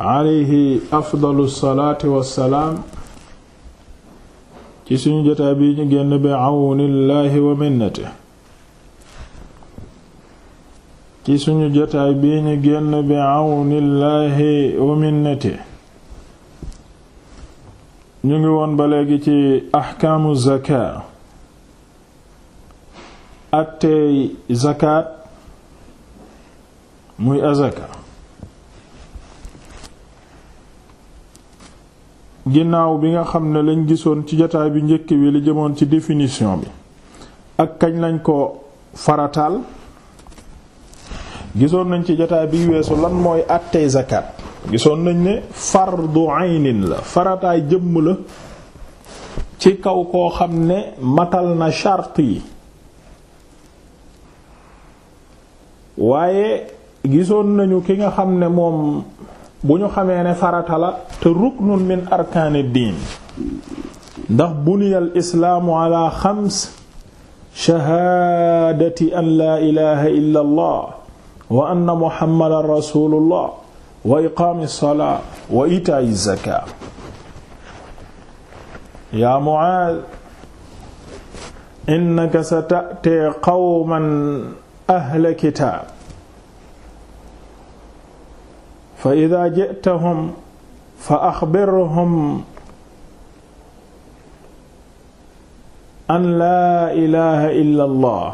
alayhi afdalu salaati wassalaam ci suñu jotaa bi ñu génn bi àwnillaahi wa minnate ci suñu jotaay bii ñu génn bi àwnillaahi wa minnate ñu ngi woon ba léegi ci axkaamu zakaa àtteey zakaat muy azaka ginnaaw bi nga xam ne lañ gisoon ci jotaay bi njëkk wi li jëmoon ci définition bi ak kañ lañ ko farataal gisoon nañ ci jotaay bi weesu lan mooy àttey zakat gisoon nañ ne fardu aynin la farataay jëmm la ci kaw koo xam ne matal na chart yi waaye gisoon nañu ki nga xam ne moom bu ñu xamee ne farata la te ruknun min ndax buniyal islaamu ala xams shahaadati an laa ilaha illa allah wa anna muhammadan rasulullah wa iqaami salaa wa itaayi zakaa yaa Muaaz innaka sata'ti qawman ahla kitaab fa ida jitahum fa axbirhum an laa ilaha illa allah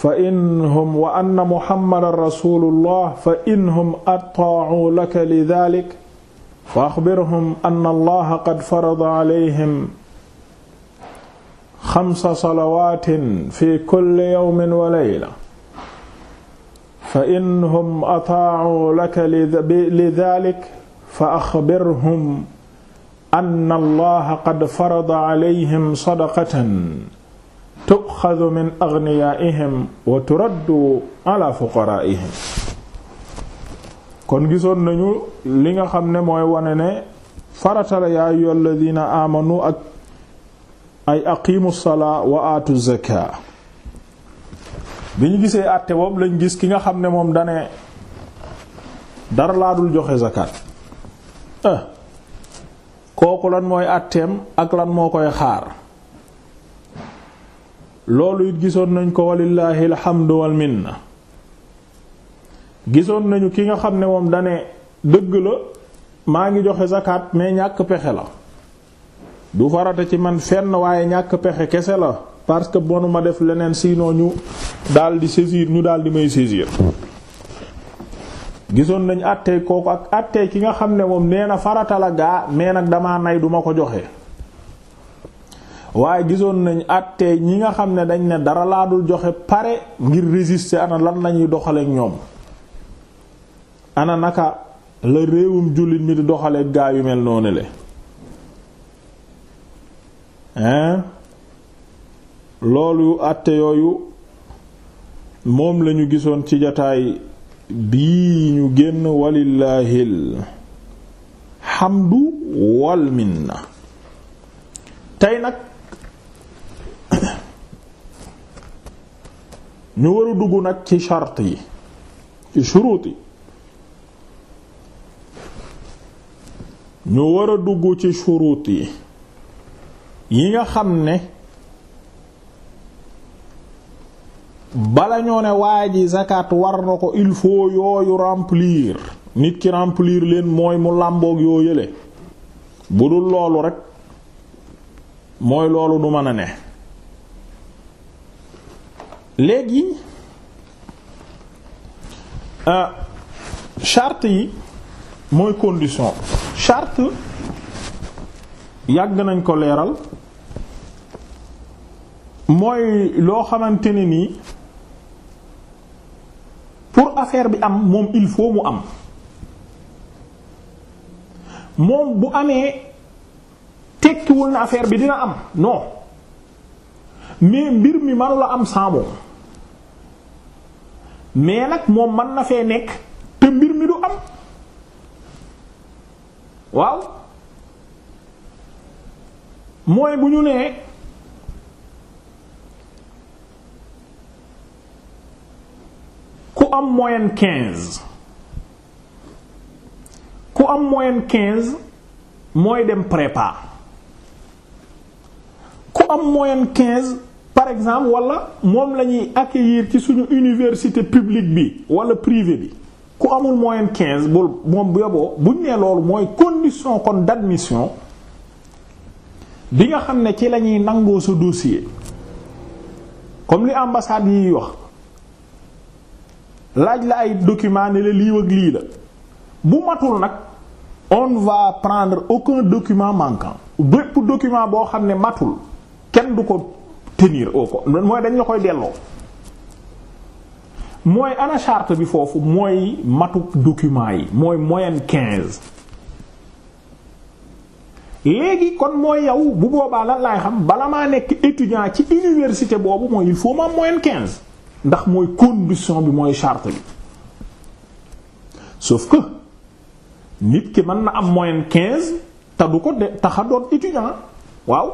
fa inhum wa anna muhammadan rasulullah fa inhum ataacuu laka lidalik fa axbirhum an allaha qad farada calayhim xamsa salawaatin fi kulli yawmin wa layla fa innahum ataa'uu laka lidhaalik fa axbirhum anna allaha qad farada alayhim sadaqatan tu'xadu min aghniyaa'ihim wa turaddu alaa fuqaraa'ihim kon gisoon nañu li nga xam ne mooy wane ne faratala yaa ayyuhal ladhiina aamanu ak ay aqimu salaa wa aatu zakaa bi ñu gisee àtte boobu lañ gis ki nga xam ne moom dane dara laa joxe zakat ah lan mooy àtteem ak lan moo koy xaar loolu gisoon nañ ko walillaahi alhamdu wal minna gisoon nañu ki nga xam ne moom dane dëgg la maa ngi joxe zakat mais ñàkk pexe la du farata ci man fenn waaye ñàkk pexe kese la parce que bonu def leneen sinon ñu daal di saisir ñu daal di may saisir gisoon nañ àttee kooku ak àttee ki nga xam ne moom nee na farata la gaa mais nag damaa nay duma ko joxe waaye gisoon nañ àttee ñi nga xam ne dañ ne dara laa dul joxe pare ngir résister ana lan lañuy doxale ak ñoom ana naka la réewum jullit mi di doxale gaa yu mel noonu le hein loolu àtte yooyu moom lañu gisoon ci jataay bii ñu génn walillaahil hamdu wal minna tey nag ñu wara dugg nag ci charte yi ci shuruut yi ñu war dugg ci shuruut yi yi nga xam ne bala ñoo ne waa ji zakat war na ko il faut yooyu remplir nit ki remplir leen mooy mu làmboog yoo yële bu dul loolu rekk mooy loolu du mën a ne léegi euh, chart yi mooy condition charte yàgg nañ ko leeral mooy loo xamante ne nii pour affaire bi am moom il faut mu am moom bu amee tekkiwul na affaire bi dina am non mais mbir mi manu la am sans mais nag moom man na fee nekk te mbir mi du am waaw mooy bu ñu nee. ku am moyen quinze ku am moyenne mooy dem prépa ku am moyenne quinze par exemple walla moom la ñuy ci suñu université publique bi wala privé bi ku amul moyenne quinze bul moom bu yoboo buñ nee loolu mooy condition kon d'admission bi nga xam ne ci lañuy ñuy nangoo sa dossier comme li ambassade yi wax laaj la ay document ne la lii lii la bu matul nag on va prendre aucun document manquant bépp document boo xam ne matul kenn du ko tenir au ko mooy dañ la koy delloo mooy ana charte bi foofu mooy matuk document yi mooy moyenne léegi kon mooy yow bu boobaa lan laay xam bala maa nekk étudiant ci université boobu mooy il faut ma moyenne quinze ndax mooy condition bi mooy charte bi sauf que nit ki mën na am moyenne quinze te du ko de taxa doon étudiant waaw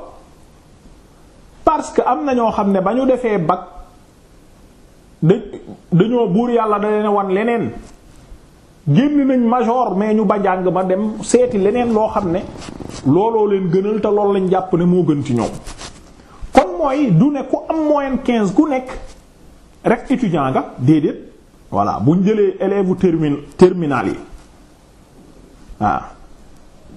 parce que am na ñoo xam ne ba ñu defee bac da dañoo buur yàlla da leen wan leneen génn nañ major mais ñu ba jàng ba dem seeti leneen loo xam ne looloo leen gënal te loolu lañ jàpp ne moo gën ci ñoom kon mooy du ne ku am moyenne quinze ku nekk rek étudiant nga déedéet voilà bu ñu jëlee élèves termin terminal yi waaw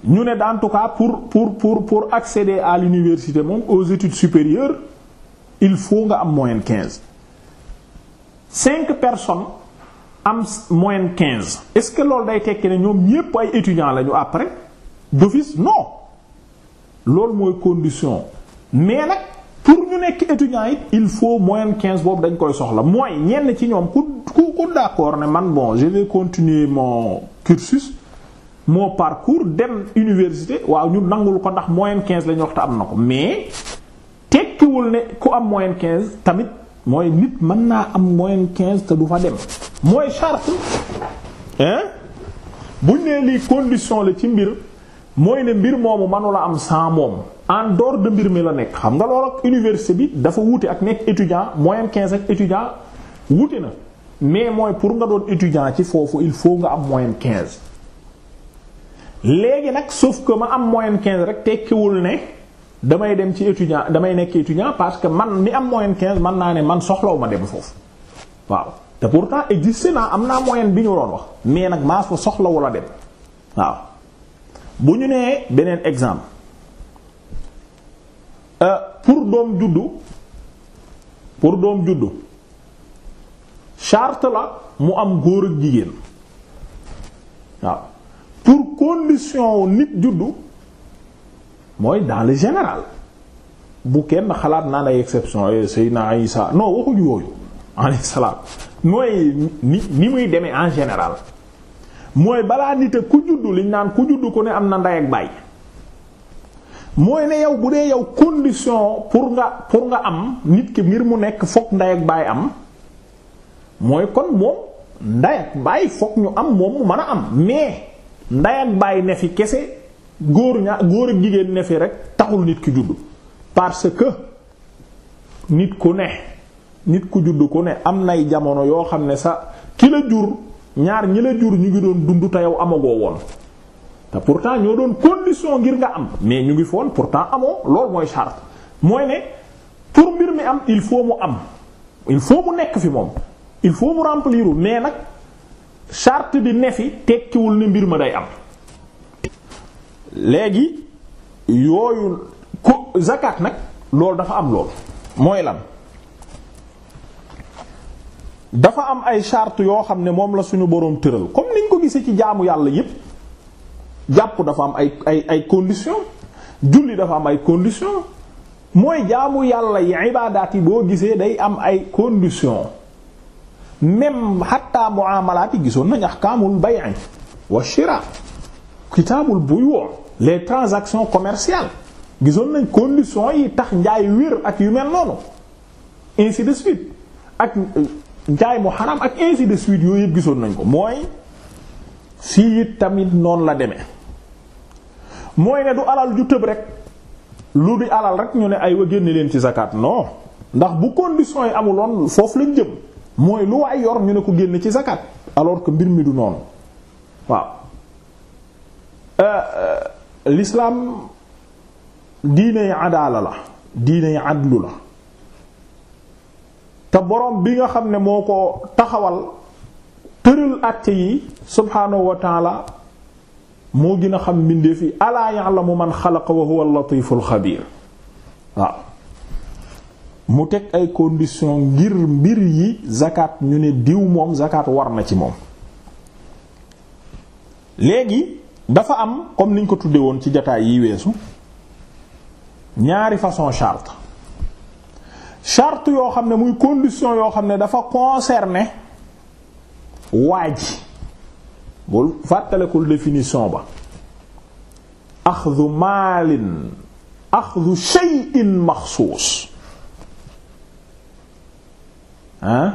ñu ne en tout cas pour pour pour pour accéder à l'université moom aux études supérieures il faut nga am moyenne quinze. cinq personnes am moyen quinze est-ce que loolu day tekki ne ñoom ñépp ay étudiants lañu après d'office non loolu mooy condition mais nag. pour ñu nekk étudiant it il faut moyenne quinze boobu dañ koy soxla mooy ñenn ci ñoom ku ku ku d'accord ne man bon je vais continuer mon cursus mon parcours dem université waaw ñu nangul ko ndax moyenne quinze la ñu wax te am na ko mais tekkiwul ne ku am moyenne quinze tamit mooy nit mën naa am moyenne quinze te du fa dem mooy charte hein buñ nee lii condition la ci mbir mooy ne mbir moomu mënula am sans moom. en dehors de mbir mi la nekk xam nga loolu ak université bi dafa wuute ak nekk étudiant moyenne quinze ak étudiant wuute na mais mooy pour nga doon étudiant ci foofu il faut nga am moyen quinze. léegi nag sauf ko ma am moyenne quinze rek tekkiwul ne damay dem ci étudiant damay nekk étudiant parce que man mi am moyenne quinze man naa ne man soxlaw ma dem foofu waaw te pourtant existé naa am naa moyenne bi ñu doon wax mais nag maa fa soxlawul dem waaw bu ñu nee beneen exemple. Euh, pour doom juddu pour doom juddu charte la mu am góor ak jigéen waaw pour condition nit juddu mooy dans le général bu kenn xalaat naa ay exception eh, Seydina Isa non waxuñu yooyu alayhi salaam mooy ni ni muy demee en général mooy balaa nit a ku juddu liñ naan ku juddu ku ne am na ndey ak baay mooy ne yow bu dee yow condition pour nga pour nga am nit ki ngir mu nekk fokk nday ak baay am mooy kon moom nday ak baay fokk ñu am moom mu mën a am mais nday ak baay ne fi kese góor ña góor ak jigéen ne fi rek taxul nit ki juddu parce que nit ku ne nit ku judd ku ne am nay jamono yoo xam ne sa ki la jur ñaar ñi la jur ñu ngi doon dund te yow amagoo woon te pourtant ñoo doon condition ngir nga am mais ñu ngi foon pourtant amoo loolu mooy charte mooy ne pour mbir mi am il faut mu am il faut mu nekk fi moom il faut mu remplir mais nag charte bi ne fi tekkiwul ne mbir ma day am léegi yooyu ko zakat nag loolu dafa am lool mooy lan dafa am ay charte yoo xam ne moom la suñu boroom tëral comme niñ ko gisee ci jaamu yàlla yépp jàpp dafa am ay ay ay conditions julli dafa am ay conditions mooy jaamu yàlla yi ibaadaat yi boo gisee day am ay conditions même xatta muamalaat yi gisoon nañ ahkaamul bay'i wa shira kitaabul buyu' les transactions commercial gisoon nañ condition yi tax njaay wér ak yu mel noonu ainsi de suite ak euh, njaay mu xaram ak ainsi de suite yooyu yëpp gisoon nañ ko mooy fii tamit noonu la demee mooy ne du alal ju tëb rek lu di alal rek ñu ne ay wa génne leen ci zakat noo ndax bu conditions yi amuloon foofu lañ jëm mooy lu waay yor ñu ne ko génne ci zakat alors que mbir mi du noonu waaw euh, euh, l'islam diiney adaala la diine adlu la te borom bi nga xam ne moo ko taxawal tëral àtte yi subhaanahu wa taala moo gën a xam fii yi la ya'lamu man xalaqa wa huwa al-latiful xabiir waaw mu teg ay condition ngir mbir yi zakat ñu ne diw moom zakat war na ci moom léegi dafa am comme niñ ko tudde woon ci jataay yi weesu ñaari façon charte charte yoo xam ne muy condition yoo xam ne dafa concerner waa ji bul fàttalekul définition ba axdu maalin axdu shay'in maxsuus ah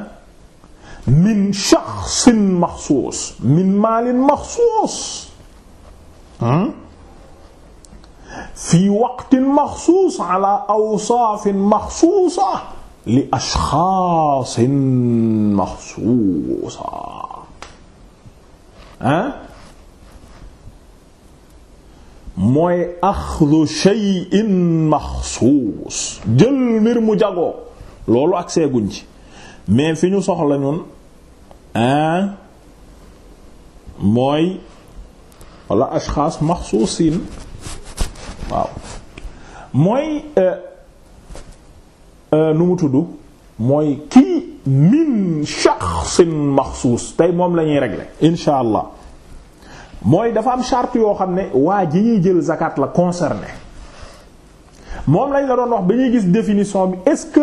min shaxsin maxsuus min maalin maxsuus fii waqtin maxsuus ala awsaafin maxsuusa li ashxaasin maxsuusa ah mooy axdu shay'in maxsuus jël mbir mu jagoo loolu ak seeguñ ci mais fi ñu soxla ñun ah mooy wala ashxaas maxsuusin waaw mooy euh, euh, nu mu tudd mooy kii min shaxsin maxsuus tey moom lañuy ñuy régler insha allah mooy dafa am charte yoo xam ne waa ji ñuy jël zakat la concerné moom lañ la doon wax ba ñuy gis définition bi est-ce que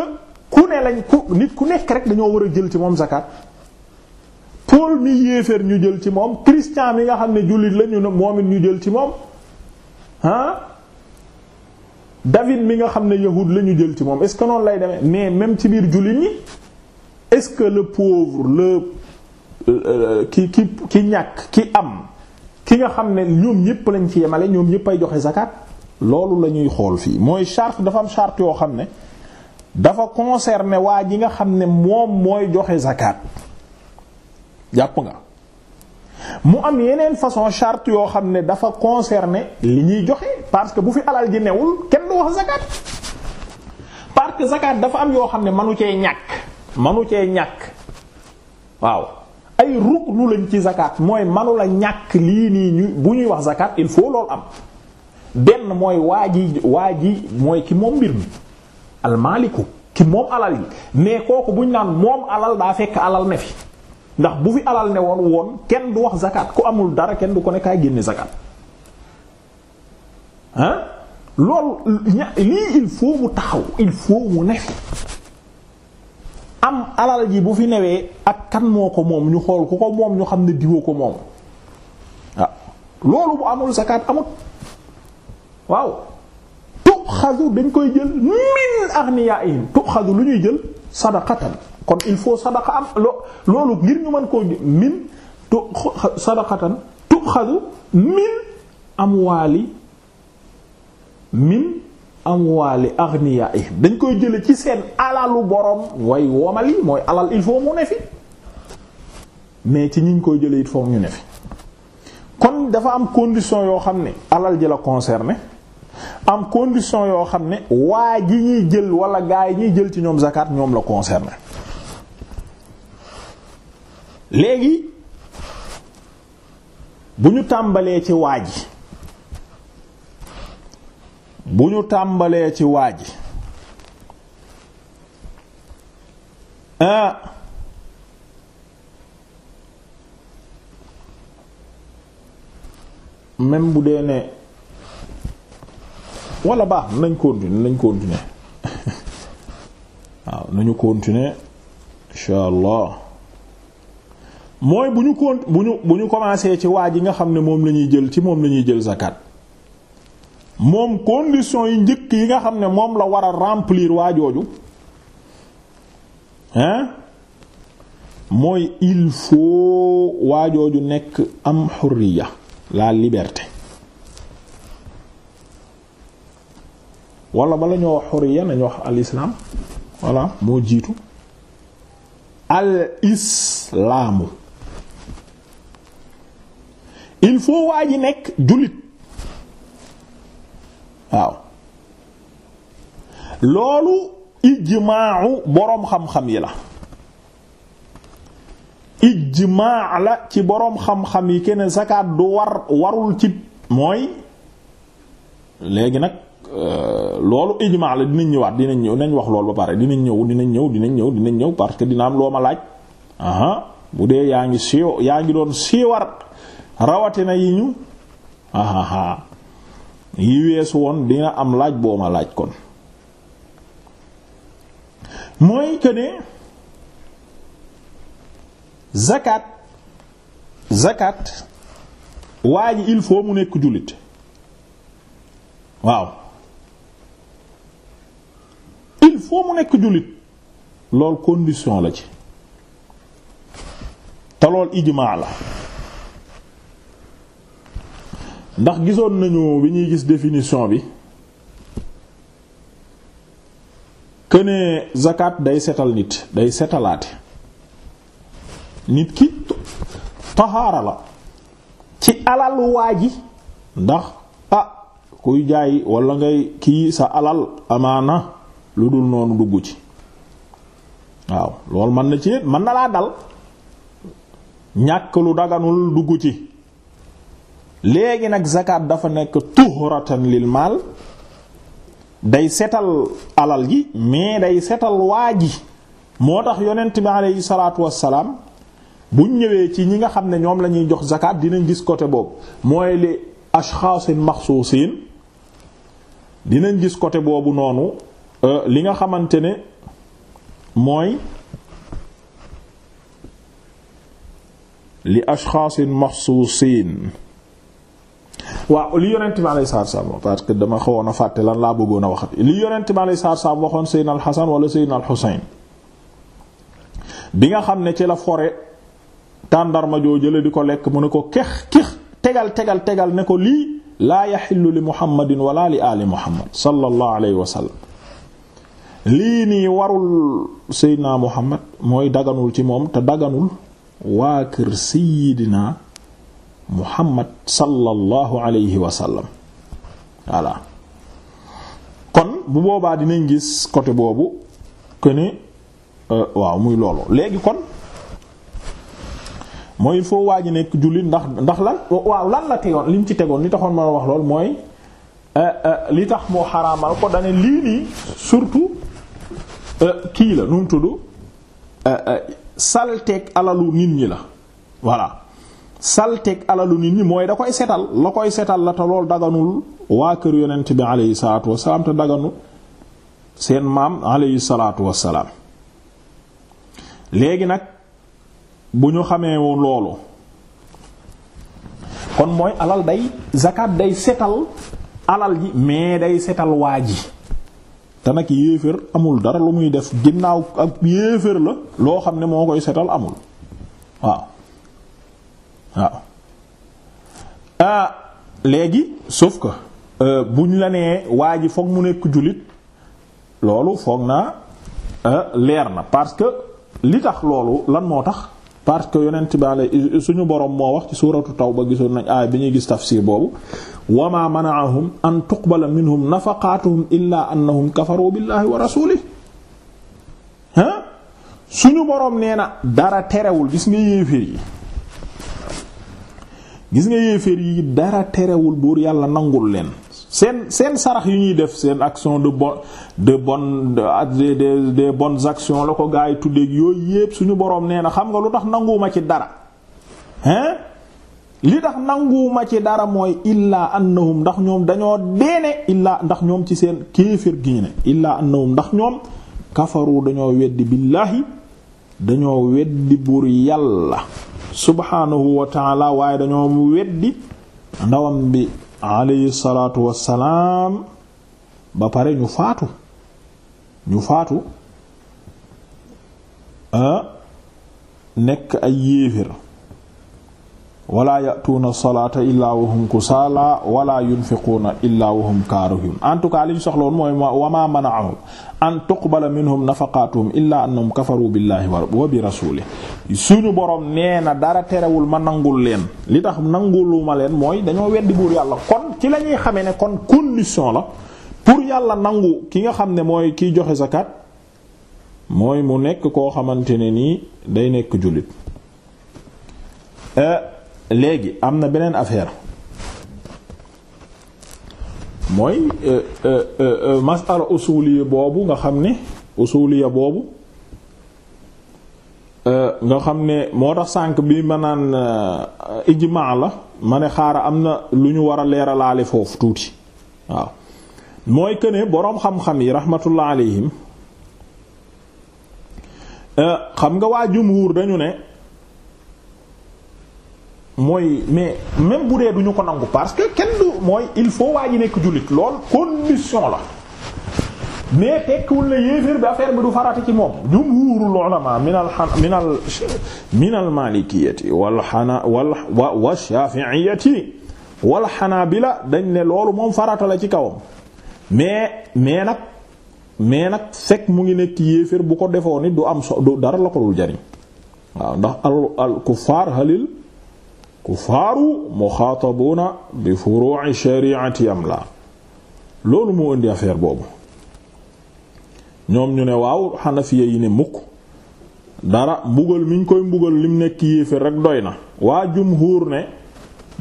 ku ne lañ ku nit ku nekk rek dañoo war a jël ci moom zakat Paul mi yéeféer ñu jël ci moom Christian mi nga xam ne jullit la ñu ne moom it ñu jël ci moom ah David mi nga xam ne yahud la ñu jël ci moom est-ce que noonu lay demee mais même ci biir jullit ñi. est-ce que le pauvre le euh, euh, ki ki ki ñàkk ki am ki nga xam ne ñoom ñépp lañ ci yemale ñoom ñépp ay joxe zakat loolu la ñuy xool fii mooy charte dafa am charte yoo xam ne dafa concerner waa ji nga xam ne moom mooy joxe zakat jàpp nga mu am yeneen façon charte yoo xam ne dafa concerner li ñuy joxe parce que bu fi alal ji newul kenn du wax zakat parce que zakat dafa am yoo xam ne manu cee ñàkk manu cee ñàkk waaw ay ruknu lañ ci zakat mooy manu ñàkk lii nii ñu bu ñuy wax zakat il faut loolu am benn mooy waa ji mooy ki moom mbir mi almaaliku ki moom alal yi mais kooku bu ñu naan moom alal daa fekk alal ne fi ndax bu fi alal ne woon woon kenn du wax zakat ku amul dara kenn du ko ne kaa génne zakat ah loolu lii il faut mu taxaw il faut mu ne fi am alal ji bu fi newee ak kan moo ko moom ñu xool ku ko moom ñu xam ne diwoo ko moom waaw ah, loolu bu amul zakat amut waaw tuxadu dañ koy jël min aghniyaihim tuxadu lu ñuy jël sadaqatan kon il faut sadaqa am loolu ngir ñu mën koo min tu sadaqatan tuxadu min amwaali min amwaali aghniyaihim dañ koy jële ci seen alalu borom way womal mooy alal il faut mu ne fi mais ci ñiñ koy jële it foog ñu ne fi kon dafa am condition yoo xam ne alal ji la concerné am condition yoo xam ne waa ji ñuy jël wala gaa yi ñuy jël ci ñoom zakat ñoom la concerné léegi bu ñu tàmbalee ci waa ji bu ñu tàmbalee ci waa ji ah même bu dee ne wala baax nañ continuer nañ continuer waaw nañu continuer insha allah mooy bu ñu con bu ñu bu commencé ci waa ji nga xam ne moom la ñuy jël ci moom la ñuy jël zakat moom condition yi njëkk yi nga xam ne moom la war a remplir waa jooju hein mooy il faut waa nekk am xurriya laa liberté wala bala ñoo wax xurriya nañu wax al islaam voilà moo jiitu al islaamu il faut waa ji nekk jullit waaw loolu ijmaawu boroom xam-xam yi la ijmaa la ci boroom xam-xam yi kenn sakaat du war warul ci mooy léegi nag euh, loolu ijmaa la dinañ ñëwaat dinañ ñëw nañ wax loolu ba pare dinañ ñëw dinañ ñëw dinañ ñëw dinañ ñëw parce que dina am loo ma laaj aha bu dee yaa ngi siiw yaa ngi doon siiwar rawatina yi ñu aha yi weesu woon dina am laaj boo ma laaj kon mooy que ne zakat zakat waa ji il faut mu nekk jullit waaw il faut mu nekk jullit lool condition la ci te lool ijmaa la ndax gisoon nañu bi ñuy gis définition bi këne zakat day setal nit day setalaate nit ki tahaara la ci alal waa ji ndax ah kuy jaay walla ngay kii sa alal amaana lu dul noonu dugg ci waaw loolu mën na ci mën na laa dal ñàkk lu daganul dugg ci léegi nag zakat dafa nekk tuhratan lil maal day setal alal gi mais day setal waa ji moo tax yonent bi aleyhi salaatu wassalaam buñ ñëwee ci ñi nga xam ne ñoom la ñuy jox zakat dinañ gis côté boobu mooy li ashxaasin maxsuusin dinañ gis côté boobu noonu euh, li nga xamante ne mooy li ashxaasin maxsuusin waaw li yonent bi alayhi salaatu salaam parce que dama xawoon a fàtte lan laa bëggoon a waxat li yonent bi alayhi salaatu salaam waxoon Seydina Al Hassan wala Seydina Al Husayn bi nga xam ne ci la fore tàndarma joo jële di ko lekk mu ne ko kex kex tegal tegal tegal ne ko lii laa yaxillu li muhammadin wala li ali muhammad sallallahu alayhi wa sallam lii nii warul Seydina Muhammad mooy daganul ci moom te daganul waa kër Seydina muhammad sallallahu alayhi wa sallam voilà kon bu boobaa dinañ gis côté boobu que ne euh, waaw muy loolu léegi kon mooy il faut waa ji nekk jullit ndax ndax lan waaw lan la tegoon li mu ci tegoon li taxoon ma wax lool mooy euh, euh, li tax moo xaraamal ko dane lii nii surtout kii la nu mu tudd salteeg alalu nit ñi la voilà salteeg alalu nit ñi mooy da koy setal la koy setal la te lool daganul waa kër yonent bi aleyhi salaatu wasalaam te daganu seen maam aleyhi salaatu wasalaam léegi nag bu ñu xamee woon kon mooy alal day zakat day setal alal ji mais day setal waa ji te nag yéeféer amul dara lu muy def ginnaaw ak yéeféer la loo xam ne moo koy setal amul waaw waaw ah, léegi sauf ko euh, bu ñu la nee waa ji foog mu nekk jullit loolu foog naa euh, leer na parce que li tax loolu lan moo tax parce que yonent bi suñu borom moo wax ci suuratu tawba gisoon nañ aay bi ñuy gis tafsir boobu wa ma mana'ahum an tuqbala minhum nafaqaatuhum illa annahum kafaru billahi wa rasulihi suñu borom nee na dara terewul gis nga yéeféer yi gis nga yéeféer yi dara terewul buur yàlla nangul leen seen seen sarax yu ñuy def seen action de bon de bonne de la ko gaa yi tuddeeg yooyu yépp suñu boroom nee na xam nga lu tax nanguwuma ci dara hein li tax nanguwuma ci dara mooy illaa annahum ndax ñoom dañoo deene illaa ndax ñoom ci seen kéefër gi ne illaa annahum ndax ñoom kafaru dañoo weddi billaahi dañoo weddi buur yàlla subhaanahu wa taala waaye dañoo weddi ndawam bi alayhi salaatu wassalaam ba pare ñu faatu ñu faatu ah, nekk ay wala yatuuna salaata illaa wahum kusaala wala yunfiquuna illaa wahum kaarihun en tout cas li ñu soxla woon mooy wa maa manaahum an tuqbala minhum nafaqaatuhum illaa annahum kafaru billaahi wa bi rasuulih suñu borom nee na dara terewul ma nangul leen li tax nanguluma leen mooy dañoo weddi buur yàlla kon ci la ñuy xamee ne kon condition la pour yàlla nangu ki nga xam ne mooy kiy joxe zakat mooy mu nekk koo xamante ne nii day nekk julit eh, léegi am na beneen affaire mooy euh, euh, euh, masala usuliya boobu nga xam ne usuliya boobu nga xam ne moo tax sànq bi ma naan ijmaa la ma ne xaara am na lu ñu war a leeralaale foofu tuuti waaw mooy que ne boroom xam-xam yi rahmatullah alayhim xam nga waa jumhuur dañu ne mooy mais même bu dee duñu ko nangu parce que kenn du mooy il faut waa ji nekk jullit lool condition la mais tekkiwul na yéeféer bi du farata ci moom jumhuurul ulama minal minal minal wal xana wal wa wa shaafi'iyati wal xanaabila dañ ne loolu moom farata la ci kawam mais mais nag mais nag fekk mu ngi nekk yéeféer bu ko defoo du am so dara la ko al kuffaar halil kuffaaru muxaatabuuna bi furuu'i shari'ati am la loolu moo indi affaire boobu ñoom ñu ne waaw xanafiya yi ne mukk dara mbugal mi ñu koy mbugal lim nekk yéeféer rek doy na waa jumhuur ne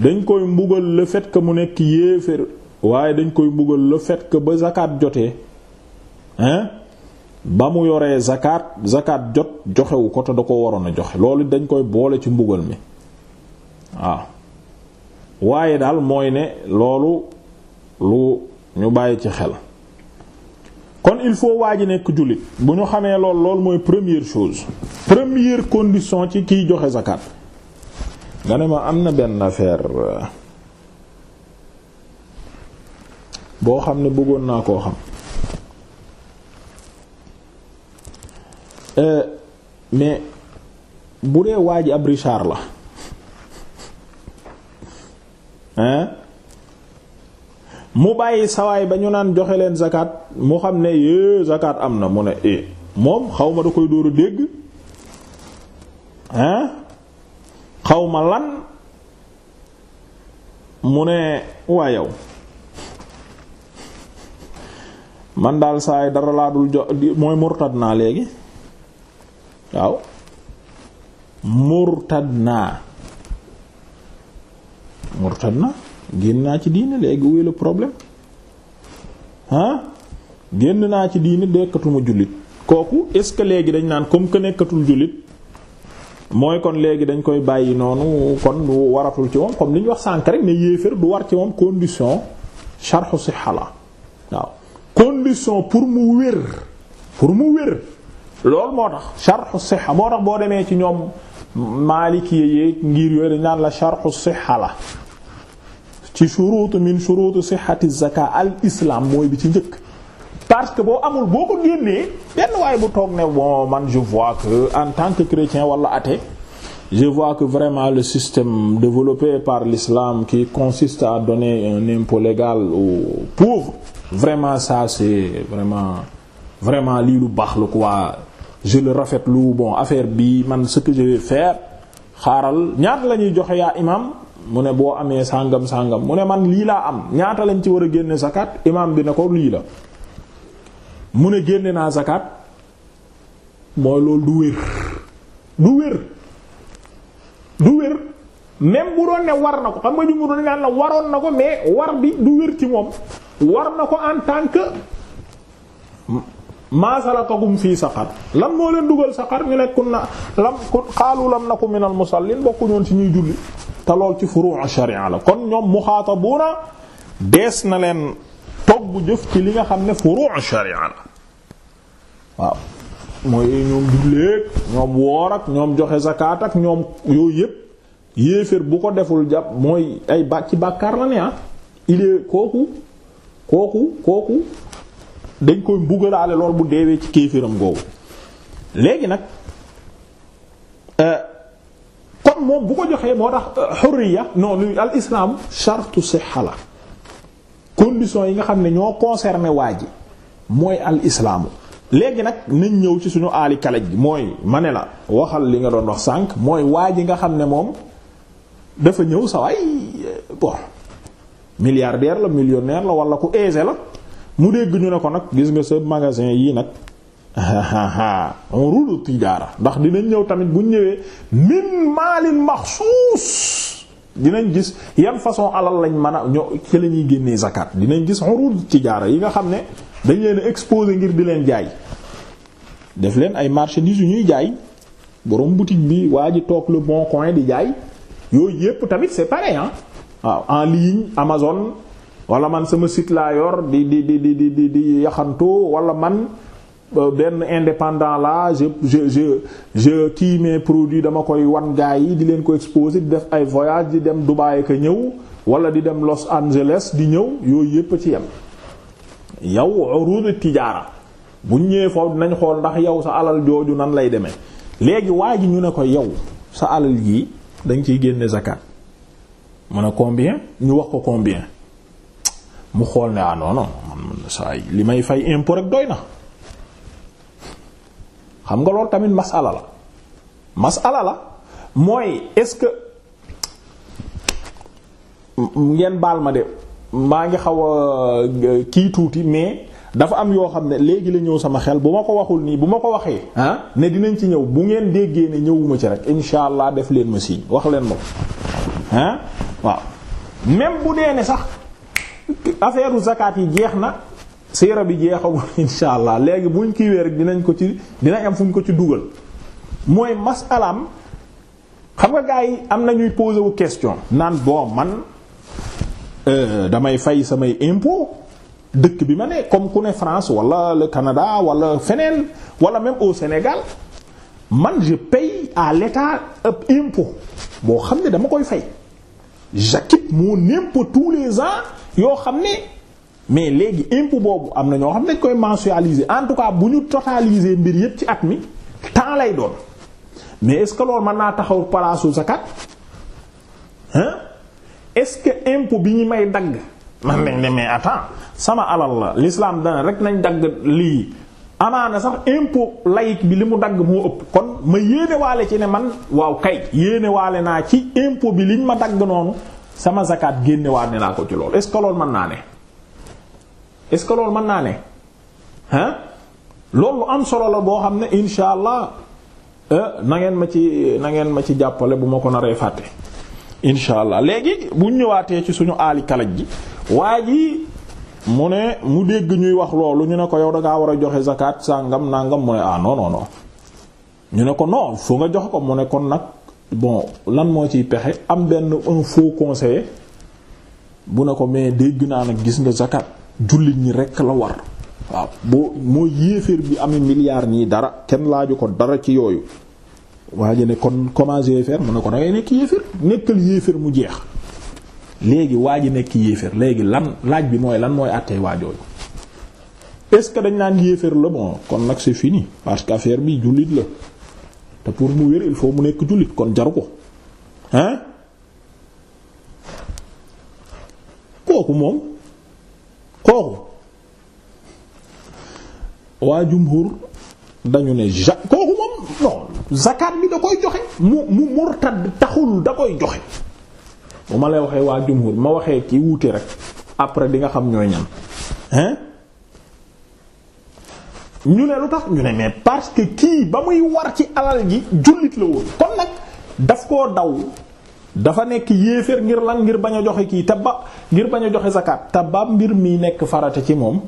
dañ koy mbugal le fait mu nekk yéeféer waaye dañ koy mbugal le fait que ba zakat jotee ba mu yoree zakat zakat jot joxewu ko te da ko waroon a joxe loolu dañ koy boole ci mbugal mi waaw waaye daal mooy ne loolu lu ñu bàyyi ci xel kon il faut waa ji nekk jullit bu ñu xamee lool lool mooy première chose première condition ci kiy joxe zakat nga ne ma am na benn affaire euh, boo xam ne bëggoon naa koo xam euh, mais bu dee waa ji ab Richard la mu bàyyi sawaay ba ñu naan joxe leen zakat mu xam ne yee zakat am na mu ne eh moom xaw ma da koy dóor a dégg hein xaw ma lan mu ne waa yow man daal saay dara laa dul jox mooy murtad naa léegi waaw murtad naa murtad na génn naa ci diine léegi wuy le problème ah génn naa ci diine nekkatuma jullit kooku est-ce que léegi dañ naan comme que nekkatul jullit mooy kon léegi dañ koy bàyyi noonu kon waratul ci moom comme li ñu wax sànk rek ne yéefér du war ci moom condition sharhu sihha la waaw condition pour mu wér pour mu wér loolu moo tax sharhu sihha moo tax boo demee ci ñoom maalikiye yeeg ngir yooyu dañ naan la sharxu sixa la ci shuruut min shuruut sixati zaka al mooy bi ci njëkk parce que boo amul boo ko génnee benn waaye bu toog ne bon man je vois que en tant que chrétien wala athée je vois que vraiment le système développé par l'islam qui consiste à donner un impôt légal aux pauvres vraiment ça c'est vraiment vraiment lii lu baax la quoi je le lu bon affaire bi man ce que je xaaral ñaata la ñuy joxe yaa imam mu ne boo amee sàngam sàngam mu ne man lii laa am ñaata lañ ci war a génne zakat imam bi ne ko lii la mu ne génne naa zakat mooy loolu du wér du wér du wér même bu doon ne war na ko xam nga ñu mu la waroon na ko mais war bi du wér ci moom war na ko en tant que maasalakagum fii saqar lan moo leen dugal saqar ñu nekkul na lam ku xaalu lam naku minal musallin bokku ñoon ci ñuy julli te lool ci furu' sharia la kon ñoom muxaatabuuna dees na leen togg jëf ci li nga xam ne furu' sharia la waaw mooy ñoom julleek ñoom woor ak ñoom joxe zakat ak ñoom yooyu yépp yéeféer bu ko deful jàpp mooy ay bàcc bàkkaar la ne ah il kooku kooku kooku dañ koy mbugalaale lool bu deewee ci kéefiram googu léegi nag euh, kon moom bu ko joxee moo tax euh, xurriya noonu al islam shartu sihha la condition yi nga xam ne ñoo concerné waa ji mooy al islaamu léegi nag nañ ñëw ci suñu aali kalaj gi mooy ma ne la waxal li nga doon wax sànq mooy waa ji nga xam ne moom dafa ñëw sa waay euh, bon milliardaire la millionnaire la wala ku aisé la mu dégg ñu ne ko nag gis nga sa magasin yii nag on roule ndax dinañ ñëw tamit bu ñëwee min maalin maxsuus dinañ gis yan façon alal lañ man a ñoo ci la ñuy génnee zakat dinañ gis on roule yi nga xam ne dañ leen exposé ngir di leen jaay def leen ay marchandises yu ñuy jaay borom boutique bi waa ji toog le bon coin di jaay yooyu yépp tamit c'est pareil ah waaw en ligne Amazon. wala man sama site laa yor di di di di di di yaxantoo wala man euh, benn indépendant la je je je je kii mes produits dama koy wan gaa yi di leen ko exposer di def ay voyage di dem Dubaï ka ñëw wala di dem Los Angeles di ñëw yooyu yépp ci yem yow urudu tijaara buñ ñëwee foofu dinañ xool ndax yow sa alal jooju nan lay demee léegi waa ji ñu ne ko yow sa alal jii dañ ciy génne zakat mu ne combien ñu wax ko combien mu xool ne ah non non man saa yi li may fay impôt rek doy na xam nga lool tamit masala la masala la mooy est-ce que ngeen baal ma de maa ngi xaw a euh, kii tuuti mais dafa am yoo xam ne léegi la ñëw sama xel bu ma ko waxul nii bu ma ko waxee ah ne dinañ ci ñëw bu ngeen déggee ne ñëwuma ci rek insha allah def leen ma signe wax leen ma ko ah waaw même bu dee ne sax. affaire u zakat yi jeex na siira bi jeexagul insha allah léegi buñ kiiwee rek dinañ ko ci dinañ am fuñ ko ci dugal mooy masalaam xam nga gars yi am na ñuy poser wu question naan bon man euh, damay fay samay impo dëkk bi ma ne comme ku ne France wala le Canada wala feneen wala même au Sénégal man je paye à l'État ab euh, impôt boo xam ne dama koy fay j'acquitte mon impôt tous les ans yoo xam ne mais léegi impôt boobu am na ñoo xam ne dañ koy mensualiser en tout cas bu ñu totaliser mbir yépp ci at mi temps lay doon mais est-ce que loolu mën naa taxaw palaasu sa hein est-ce que impôt bi ñu may dagg man nañ demee attends sama alal la l'islam dana rek nañ dagg lii amaana sax impôt laïque bi li mu dagg moo ëpp kon ma yéene waale ci ne man waaw kay yéene waale naa ci impôt bi liñ ma dagg noonu sama zakat génne waale naa ko ci loolu est ce que naa ne est ce que mën naa ne ah loolu am solo la boo xam ne insha allah eh, na ngeen ma ci nangeen ma ci jàppale bu ma ko naree fàtte insha allah léegi bu ñëwaatee ci suñu aali kalaj ji waa ji mu ne mu dégg ñuy wax loolu ñu ne ko yow da ngaa war a joxe zakat sàngam nangam mu ne ah non ñu ne ko non foo nga jox ko mu ne kon nag bon lan moo ciy pexe am benn un faux conseiller bu ne ko mais dégg naa nag gis nga zakat jullit ñi rekk la war waaw boo mooy yéeféer bi ami milliard nii dara kenn laaju ko dara ci yooyu waa ji ne kon comment je mu ne ko dangay nekk yéeféer nekkal yéeféer mu jeex léegi waa ji nekk yéeféer léegi lan laaj bi mooy lan mooy àttee waajooju est-ce que dañ naan yéeféer la bon kon nag si fini parce que affaire bi jullit la te pour mu wér il mu nekk jullit kon jaru ko kooku moom kooku waa jumhur dañu ne ja kooku moom non zakat bi da koy joxe mu mu murtad taxul da koy joxe bu ma lay waxee waa jumhur ma waxee kii wuute rek après di nga xam ñooy ñam hein ñu ne lu tax ñu ne mais parce que kii ba muy war ci alal ji jullit la woon kon nag daf koo daw dafa nekk yéeféer ngir lan ngir bañ a joxe kii te ba ngir bañ a joxe zakat te ba mbir mi nekk farata ci moom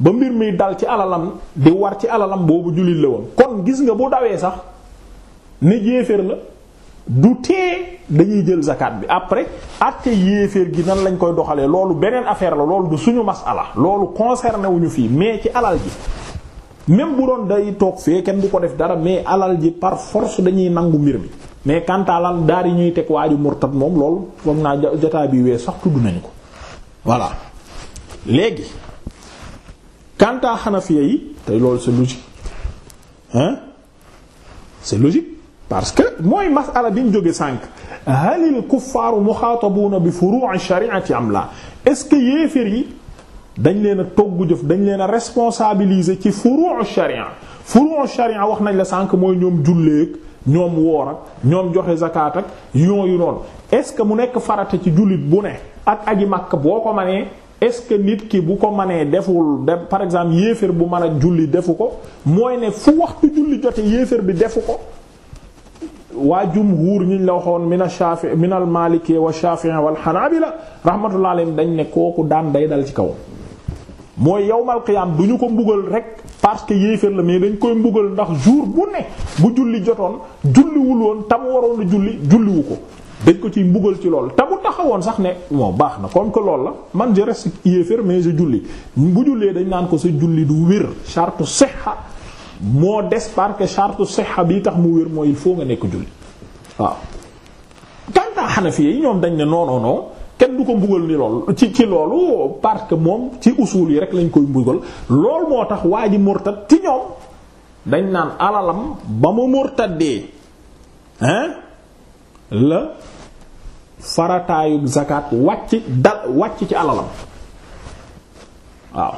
ba mbir mi dal ci alalam di war ci alalam boobu jullit la woon kon gis nga bu dawee sax ne yéeféer la du tee dañuy jël zakat bi après atte yéeféer gi nan lañ koy doxalee loolu beneen affaire la loolu du suñu masala loolu concerné wuñu fii mais ci alal ji même bu doon day toog fee kenn du ko def dara mais alal ji par force dañuy nangu mbir mi mais quant à lan daar yi ñuy teg waaju murtad moom loolu foog naa jotaay bi wee sax tudd nañu ko voilà léegi quant à xanafiya yi tey loolu c'est logique parce que mooy masala bi ñu jógee sànq halil kuffaaru muxaatabuuna bi furu'i ci am la est-ce que yéefér yi dañ leen a togg jëf dañ leen a responsabiliser ci furu'u sharia furu'u sharia wax nañ la sànq mooy ñoom julleeg ñoom woor ak ñoom joxe zakat ak yooyu noonu est-ce que mu nekk farata ci jullit bu ne ak aji makk boo ko manee est-ce que nit ki bu ko manee deful de par exemple yéefér bu man ak julli defu ko mooy ne fu waxtu julli jote yéefér bi defu ko waa jumhuur ñiñ la waxoon min ash-shafi min al-maliki wa shafi'i wal hanabila rahmatullahi dañ ne kooku daan day dal ci kaw mooy yawmal qiyaam du ñu ko mbugal rek parce que yéeféer la mais dañ koy mbugal ndax jour bu ne bu julli jotoon julliwul woon tam waroon a julli julliwu ko dañ ko ciy mbugal ci lool te bu sax ne moo baax na comme que lool la man je reste yéeféer mais je julli bu jullee dañ naan ko sa julli du wér charte sihha moo des parce que charte sihha bi tax mu wér mooy il faut nga nekk julli waaw kantaa xanafiya yi ñoom dañ ne noonoonoo kenn du ko mbugal ni lool ci ci loolu parce que moom ci usul yi rek lañ koy mbugal lool moo tax waa ji murtad ci ñoom dañ naan alalam ba mu murtadee hein la farataayub zakat wàcc dal wàcc ci alalam waaw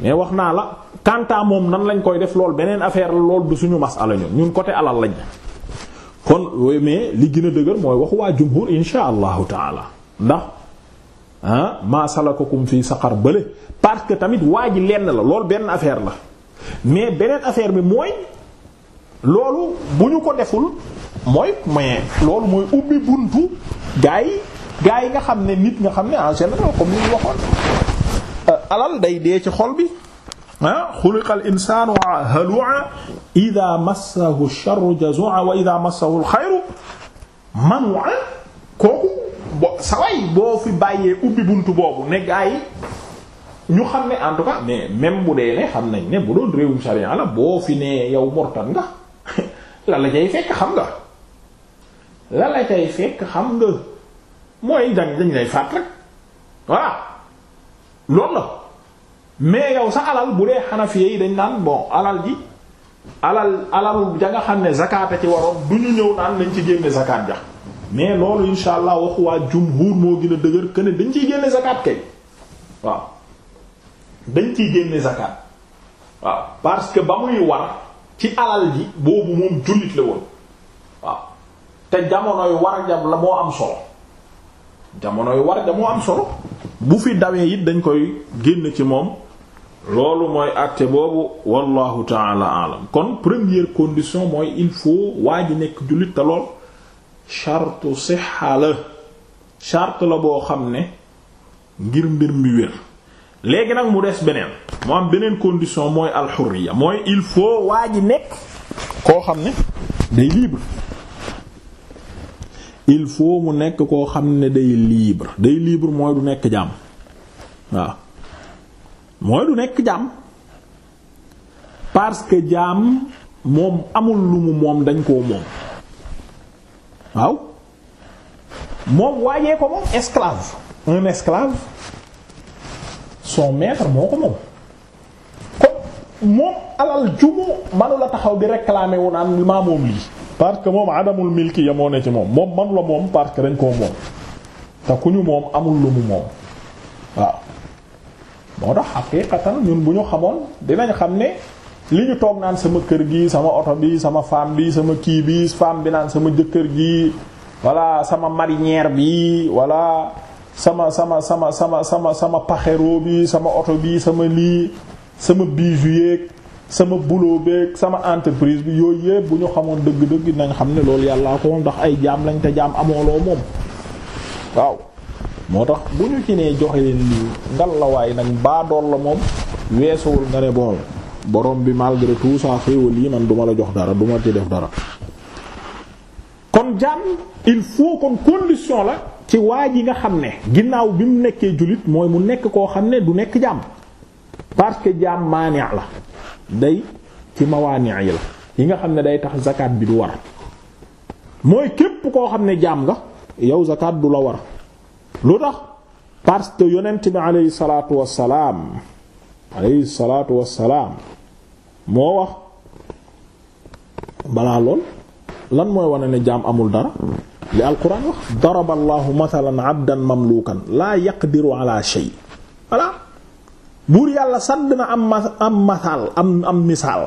mais wax naa la kanta moom nan lañ koy def lool beneen affaire la lool du suñu masala ñun ñun côté alal lañ kon mais li gën a dëgër mooy waxu waa jumhur insha allahu taala ndax ah maa salakakum fii saqar bële parce que tamit waa ji lenn la lool benn affaire la mais beneen affaire bi mooy loolu bu ñu ko deful mooy mais loolu mooy ubbi buntu gaa yi gaa yi nga xam ne nit nga xam ne en général comme ni ñu waxoon euh, alal day dee ci xol bi. ah xuliqal insaanu halua ida massahu sharru jazua wa ida massahu alxayru manua kooku bo saway boo fi bàyyee ubbi buntu boobu ne gaa ñu xam ne en tout même bu dee ne xam nañ ne bu doon réewum sharia la boo fi ne yow mortan nga lala la cay fekk xam nga la cay fekk xam nga mooy dañ dañ lay faat rek voilà loolu mais yow sa alal bu dee xanafiye yi dañ naan bon alal ji alal alal ja nga xam ne zakaata ci waroon du ñu ñëw naan lañ ci génne zakat ja mais loolu insha allah waxu waa jumhur moo gën a dëgër que ne dañ ciy génne zakat kay waaw dañ ciy génne zakat waaw parce que ba muy war ci alal ji boobu moom jullit la woon waaw te jamonoy war la moo am solo jamonoy war ja moo am solo bu fi dawee it dañ koy génn ci moom loolu mooy acte boobu wallahu taala alam kon première condition mooy il faut waa ji nekk jullit te lool chartu sixa la charte la boo xam ne ngir mbir mi wér léegi nag mu des beneen mu beneen condition mooy alxurriya mooy il faut waa ji nekk koo xam ne day libre il faut mu nekk koo xam ne day libre day libre mooy du nekk jaam waaw mooy du nekk jaam parce que jaam moom amul lu mu moom dañ koo moom waaw moom waajee ko moom esclave un esclave son maître moo ko moom kon moom alal jumu manu la taxaw di réclamer wu naan maa moom lii parce que moom adamul milki ya moo ne ci moom moom manu moom parce que dañ koo moom te ku ñu moom amul lu mu moom waaw moo tax xaqiiqatan ñun bu ñu xamoon dinañ xam ne li ñu toog naan sama kër gi sama oto bi sama femme bi sama kii bi femme bi naan sama jëkkër gi walla sama marinière bi walla sama sama sama sama sama sama paxero bi sama oto bi sama lii sama bijou yeeg sama boulot beeg sama entreprise bi yooyu yëpp bu ñu xamoon dëgg-dëgg nañ xam ne loolu yàllaa ko ndax ay jaam lañ te jaam amooloo moom waaw moo tax bu ñu ci nee joxe leen lii ngalawaay nag baadool la moom weesuwul nga ne bon borom bi malgré tout ça xéewal yi man duma la jox dara duma ci def dara kon jàmm il faut kon condition la ci waa ji nga xam ne ginnaaw bi mu nekkee jullit mooy mu nekk koo xam ne du nekk jàmm parce que jàmm maani la day ci mawaani yi la yi nga xam ne day tax zakat bi du war mooy képp koo xam ne jàmm nga yow zakat du la war lu tax parce que yonent bi aleyhi salaatu wassalaam aleyhi salaatu wassalaam moo wax balaa lool lan mooy wane ne jaam amul dara li alquran wax daraba allahu mathalan abdan mamlukan laa yaqdiru ala buur yàlla sadd na am am am am misaal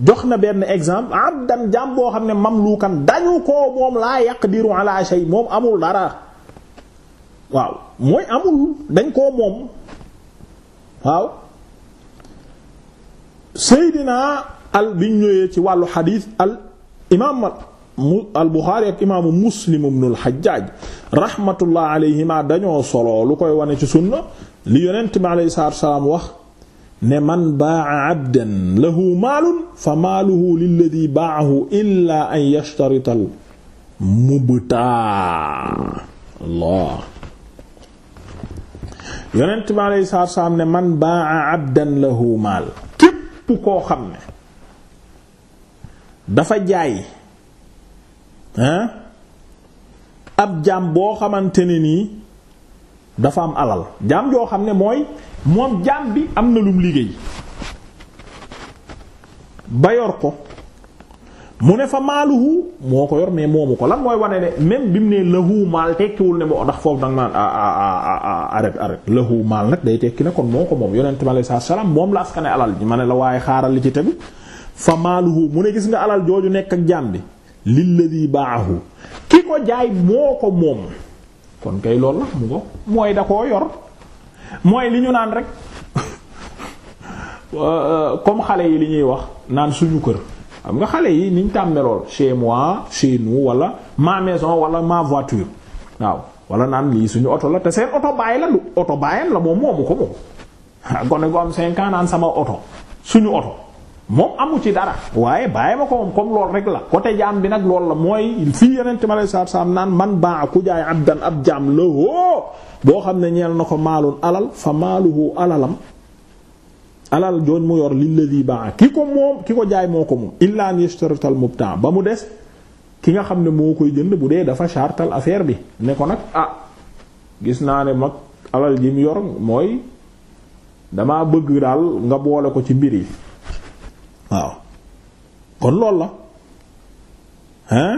jox na benn exemple abdan jaam boo xam ne mamlukan dañu ko moom laa yaqdiru ala shay moom amul dara waaw mooy amul dañ koo moom waaw seydina al ñu ñëwee ci wàllu xadiis al imaam al buxaari ak imaamu muslim ibnu al xajjaaj raxmatullah alayhima dañoo solo lu koy wone ci sunna li yonent bi alayhi salaatu wa salaam wax ne man baa'a abdan lahu maalun fa maaluhu lilladi baa'ahu illa an yashtarital mubtaa Allah yonent bi alayhi salaatu wa ne man baa'a abdan lahu maal képp koo xam ne dafa jaay hein ab jaam boo xamante ne nii dafa am alal jaam joo xam ne mooy moom jaam bi am na lum liggéey ba yor ko mu ne fa maaluhu moo ko yor mais moomu ko lan mooy wane ne même bi mu ne lahu maal tekkiwul ne moo ndax foofu da nga naan ah, ah, ah, arrêt maal nag day tekki ne kon moo ko moom yonent bi alayhi salaam moom la askane alal ji ma ne la waaye xaaral li ci tegu fa maaluhu mu ne gis nga alal jooju nekk ak jaam bi lilladi baahu ki ko jaay moo ko moom kon kay loolu la mu ko mooy da koo yor. mooy li ñu naan rek euh, comme xale yi li ñuy wax naan suñu kër xam nga xale yi niñ tàmmelool chez moi chez nous wala ma maison wala ma voiture waaw wala naan lii suñu oto la te seen oto bàyyi la lu oto bàyyam la moom moomu ko moom gone gu am cinq ans sama oto suñu oto moom amu ci dara waaye bàyyi ma ko moom comme loolu rek la côté jaam bi nag loolu la mooy fii yenente ma alei satu salaam naan man baa jaay abdan ab jaam la hoo boo xam ne ñeel na ko maalun alal fa maaluhu alalam alal joon mu yor lilladi baa ki ko jaay moo ko moom illa an yashtarital mubta ba mu des ki nga xam ne moo koy jënd bu dee dafa chartal affaire bi ne ko nag ah gis naa ne mag alal ji mu yor mooy dama bëgg daal nga boole ko ci mbir yi waaw kon loolu la hein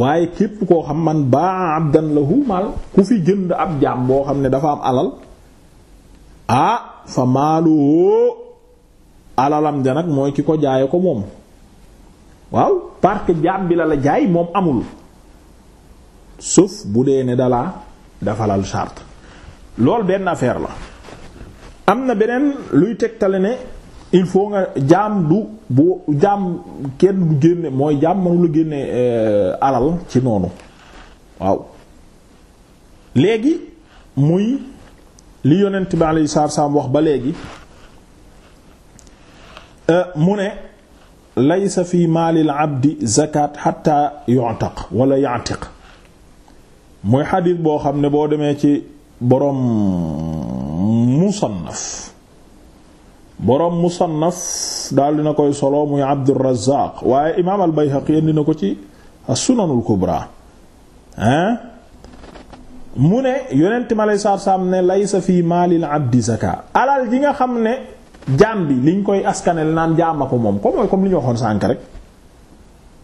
waaye képp koo xam man baa abdan lahu maal ku fi jënd ab jaam boo xam ne dafa am alal ah fa maaluhu alalam ja nag mooy ki ko jaaye ko moom waaw parce jaam bi la la jaay moom amul sauf bu dee ne dalaa dafalal charte loolu benn affaire la am na beneen luy tegtale ne il faut nga jaam du bu jaam kenn du génne mooy jaam mënu la génne euh, alal ci noonu waaw léegi muy li yonent bi alayhi salaatu wax ba léegi euh, mu ne laysa fi maalil abdi zakat xatta yu'taq wala ya'tiq muy xadiis boo xam ne boo demee ci boroom musannaf boroom musannaf daal dina koy solo muy Abdurrazzaq waaye imaam al-Bayhaqi na ko ci as-Sunanul Kubra hein mu ne yonent ma lay saar-saam ne laysa fi maalil abdi zaka alal ji nga xam ne jaam bi liñ koy askanel naan jaama ko moom ko mooy comme li ñu waxoon sànk rek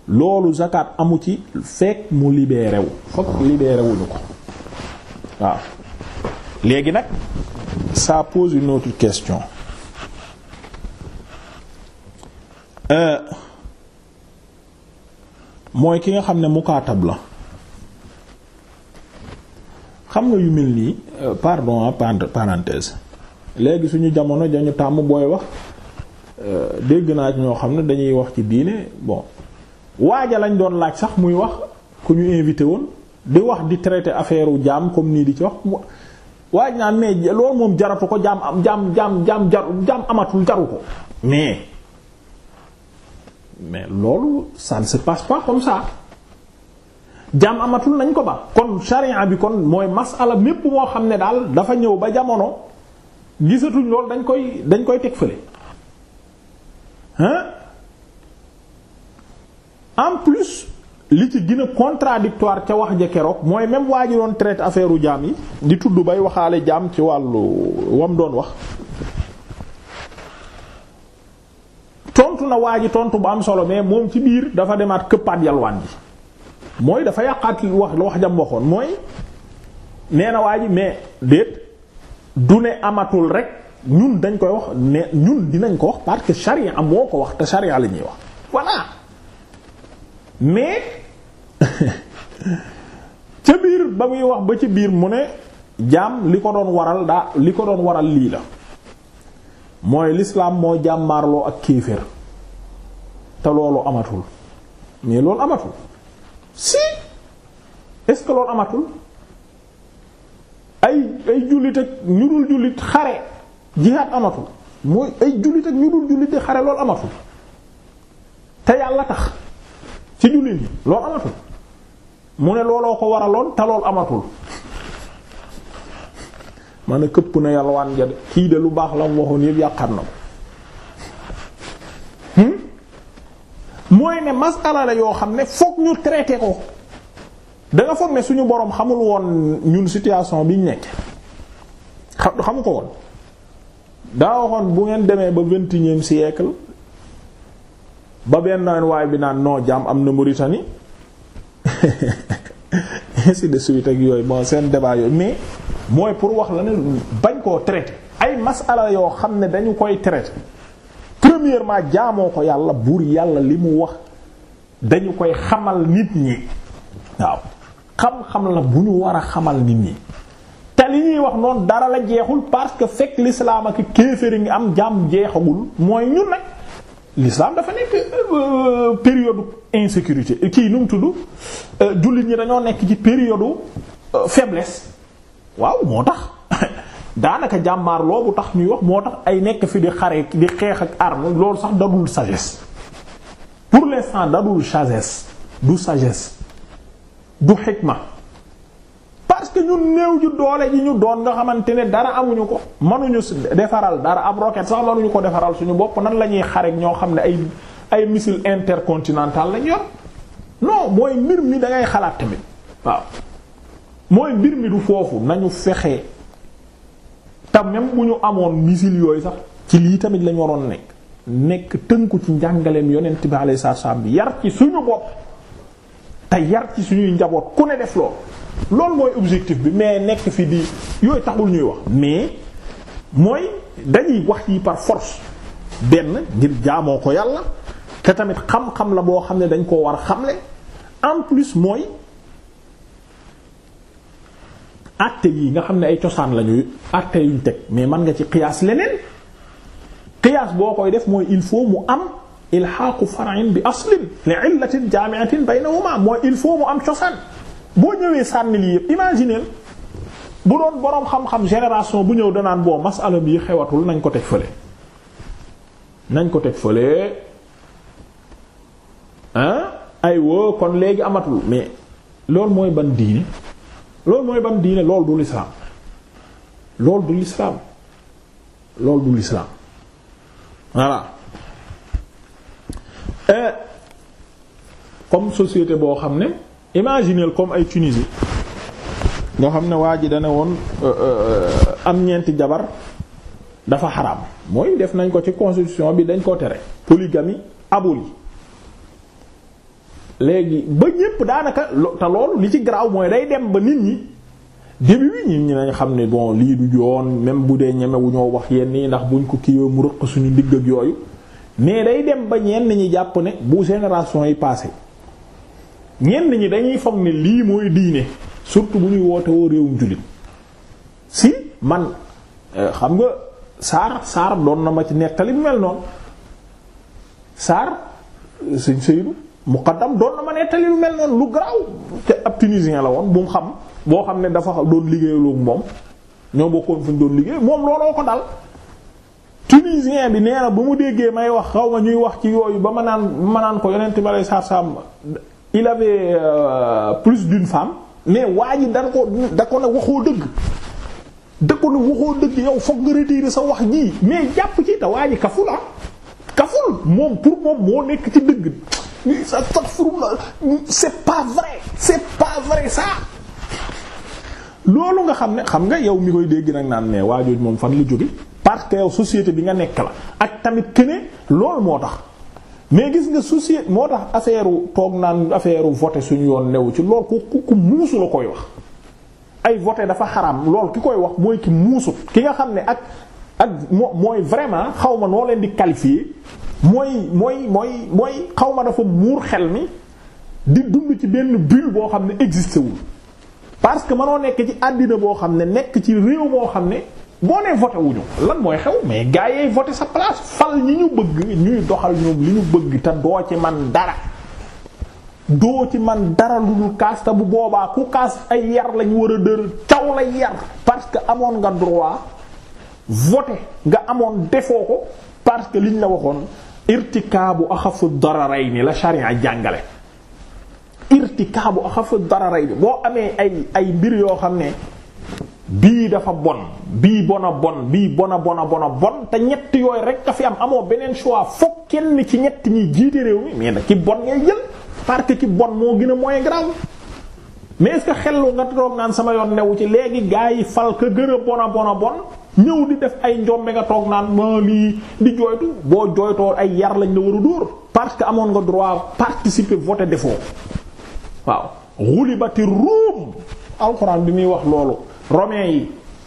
loolu zakat amu ci fekk mu libéré wu fokk libéré wuñu ko waaw léegi nag ça pose une autre question mooy ki nga xam ne mukaatab la xam nga yu mel nii euh, pardon entre parenthèse léegi suñu jamono dañu tàmm booy wax euh, dégg naa ci ñoo xam ne dañuy wax ci diine bon waaja lañ doon laaj sax muy wax ku ñu invité woon di wax di traité affaire u jaam comme nii di ci wax waaj naa mais loolu moom jaratu ko jaam am jaam jaam jaam jaru jaam amatul jaru ko mais mais loolu ça ne se passe pas comme ça jaam amatul nañ ko ba kon sharia bi kon mooy masala mépp moo xam ne daal dafa ñëw ba jamono gisatuñ lool dañ koy dañ koy teg fële hein en plus li ci gën a contradictoire ca wax ja keroog mooy même waa ji doon traité affaire u jaam yi di tudd bay waxaale jaam ci wàllu wam doon wax tontu na waa ji tontu bu am solo mais moom ci biir dafa demaat këppaat yalwaan ji mooy dafa yàqaat wax wax jam waxoon mooy nee na waa ji mais déet du ne amatul rek ñun dañ koy wax ne ñun dinañ ko wax parce que charia am moo ko wax te charia la ñuy wax voilà mais ca biir ba muy wax ba ci biir mu ne jaam li ko doon waral daa li ko doon waral lii la mooy lislaam moo jàmmaarloo ak kéefër te loolu amatul mais loolu amatul si est-ce que loolu amatul ay ay jullit ak ñu dul jullit xare jihaad amatul mooy ay jullit ak ñu dul jullit di xare lool amatul te yàlla tax ci jullit yi loolu amatul mu ne looloo ko waraloon te loolu amatul man a këpp na yalwaan ja de kii de lu baax la mu waxoon yëpp yàqar na ko hmm? mooy ne masala la yoo xam ne fokk ñu traité ko da nga foog ne suñu boroom xamul woon ñun situation biñ nekk xamu ko woon daa waxoon bu ngeen demee ba vingt et unième siècle ba benn nawet waay bi naan noo jaam am na Mauritanie ainsi de suite ak yooyu moo seen débat yooyu mais mooy pour wax la ne bañ koo traité ay masala yoo xam ne dañu koy traité premièrement jaamoo ko yàlla buur yàlla li mu wax dañu koy xamal nit ñi waaw xam-xam la bu ñu war a xamal nit ñi te li ñuy wax noonu dara la jeexul parce que fekk lislaam ak kéeféri ngi am jaam jeexagul mooy ñun nag l'islam dafa nekk euh, période insécurité kii nu mu tudd euh, jullit ñi dañoo nekk ci période euh, faiblesse waaw moo tax daanaka jàmmaar loobu tax ñuy wax moo tax ay nekk fi di xare di xeex ak arme loolu sax dadul sagesse pour les l'instant dadul sagesse du sagesse du xikma parce que ñun néew ju doole ji ñu doon nga xamante ne dara amuñu ko mënuñu defaral dara am roquette sax mënuñu ko defaral suñu bopp nan la ñuy xareek ñoo xam ne ay ay missile intercontinental lañ yor non mooy mbir mi da xalaat tamit waaw mbir mi du nañu fexe te même bu ñu amoon missile yooyu sax ci lii tamit lañ waroon nekk nekk ko ci njàngaleem yonent bi alayhi salaam bi yar ci suñu bopp te yar ci suñuy njaboot ku ne def loolu loolu mooy objectif bi mais nekk fi di yooyu taxul ñuy wax mais mooy dañuy wax yi par force benn ngir jaamoo ko yàlla te tamit xam-xam la boo xam ne dañ koo war a xamle en plus mooy acte yi nga xam ne ay cosaan lañuy ñuy yuñ teg mais mën nga ci qiyaas leneen qiyaas boo koy def mooy il faut mu am ilhaaqu far'in bi aslin li illatin jaami'atin baynahuma mooy il faut mu am cosaan boo ñëwee sànni lii yëpp imagineel bu doon boroom xam-xam génération bu ñëw danaan boo masala bi xewatul nañ ko teg fële nañ ko teg fële ah ay wo kon léegi amatul mais loolu mooy ban diine loolu mooy ban diine loolu du lislaam loolu du lislaam loolu du lislaam comme société boo xam ne imagineel comme ay Tunisie nga xam ne waa ji dane woon euh, euh, am ñeenti jabar dafa xaraam mooy def nañ ko ci constitution bi dañ ko tere polygamie aboli léegi ba ñépp daanaka te loolu li ci garaaw mooy day dem ba nit ñi début bi ñi ñi nañ xam ne bon lii du yoon même bu dee ñeme wu ñoo wax yenn yi ndax buñ ko kiiwee mu suñu digg yooyu mais day dem ba ñenn ñi jàpp ne bu génération yi passé ñenn ñi dañuy foog ne lii mooy diine surtout bu ñuy woote woo réewum jullit si man euh, xam nga Saar Saar doon na ma ci nettali bu mel noonu Saar euh, sëñ Seydou muqaddam doon na ma nettali lu mel noonu lu garaaw te ab tunisien la woon bu mu xam boo xam ne dafa doon liggéeyaloo moom ñoo bokkoon fu ñu doon liggéey moom looloo ko dal. tunisien bi nee na ba mu déggee may wax xaw ma ñuy wax ci yooyu ba ma naan ba ma naan ko yonent bi alayhi salaam il avait euh, plus d'une femme mais waa ji dana ko da ko ne waxoo dëgg da ko ne waxoo dëgg yow foog nga retirer sa wax ji mais jàpp ci te waa ji kafu la ah. kaful moom pour moom moo nekk ci dëgg sa astaghfirullah c'est pas vrai c'est pas vrai ça loolu nga xam ne xam nga yow mi koy dégg nag naan mais waajooj moom fan la jóge parce société bi nga nekk la ak tamit kene loolu moo tax mais gis nga société moo tax affaire toog naan affaire voté suñu yoon newu ci lool ku ku muusu la koy wax ay voté dafa xaram lool ki koy wax mooy ki muusu ki nga xam ne ak ak moo mooy vraiment xaw ma noo leen di qualifier mooy mooy mooy mooy xaw ma dafa muur xel mi di dund ci benn bulle boo xam ne existé wul parce que mënoo nekk ci àddina boo xam ne nekk ci réew moo xam ne boo nee voté wuñu lan mooy xew mais gars yi voté sa place fal ñu ñu bëgg ñuy doxal ñoom li ñu bëgg te doo ci man dara doo ci man dara lu dul kaas te bu boobaa ku kaas ay yar lañ war a dër caw la yar parce que amoon nga droit voté nga amoon defoo ko parce que liñ la waxoon irtikaabu axafu dararayni la charia jàngale irtikaabu axafu dararayni boo amee ay ay mbir yoo xam ne bii dafa bon bii bona bon bii bona bona bona bon te ñetti yooyu rek ka fi am amoo beneen choix foo kenn ci ñett ñi jiite réew mi mais nag ki bon ngay jël parce que ki bon moo gën a moyen grave mais est-ce que xellu nga toog naan sama yoon newu ci léegi gaa yi fal ka gën a bona a bon ñëw di def ay njombe nga toog naan ma lii di jooytu boo jooytoo ay yar lañ la war a dóor parce que amoon nga droit participer voter defoo waaw xulibati ruum alxuraan bi muy wax loolu romains yi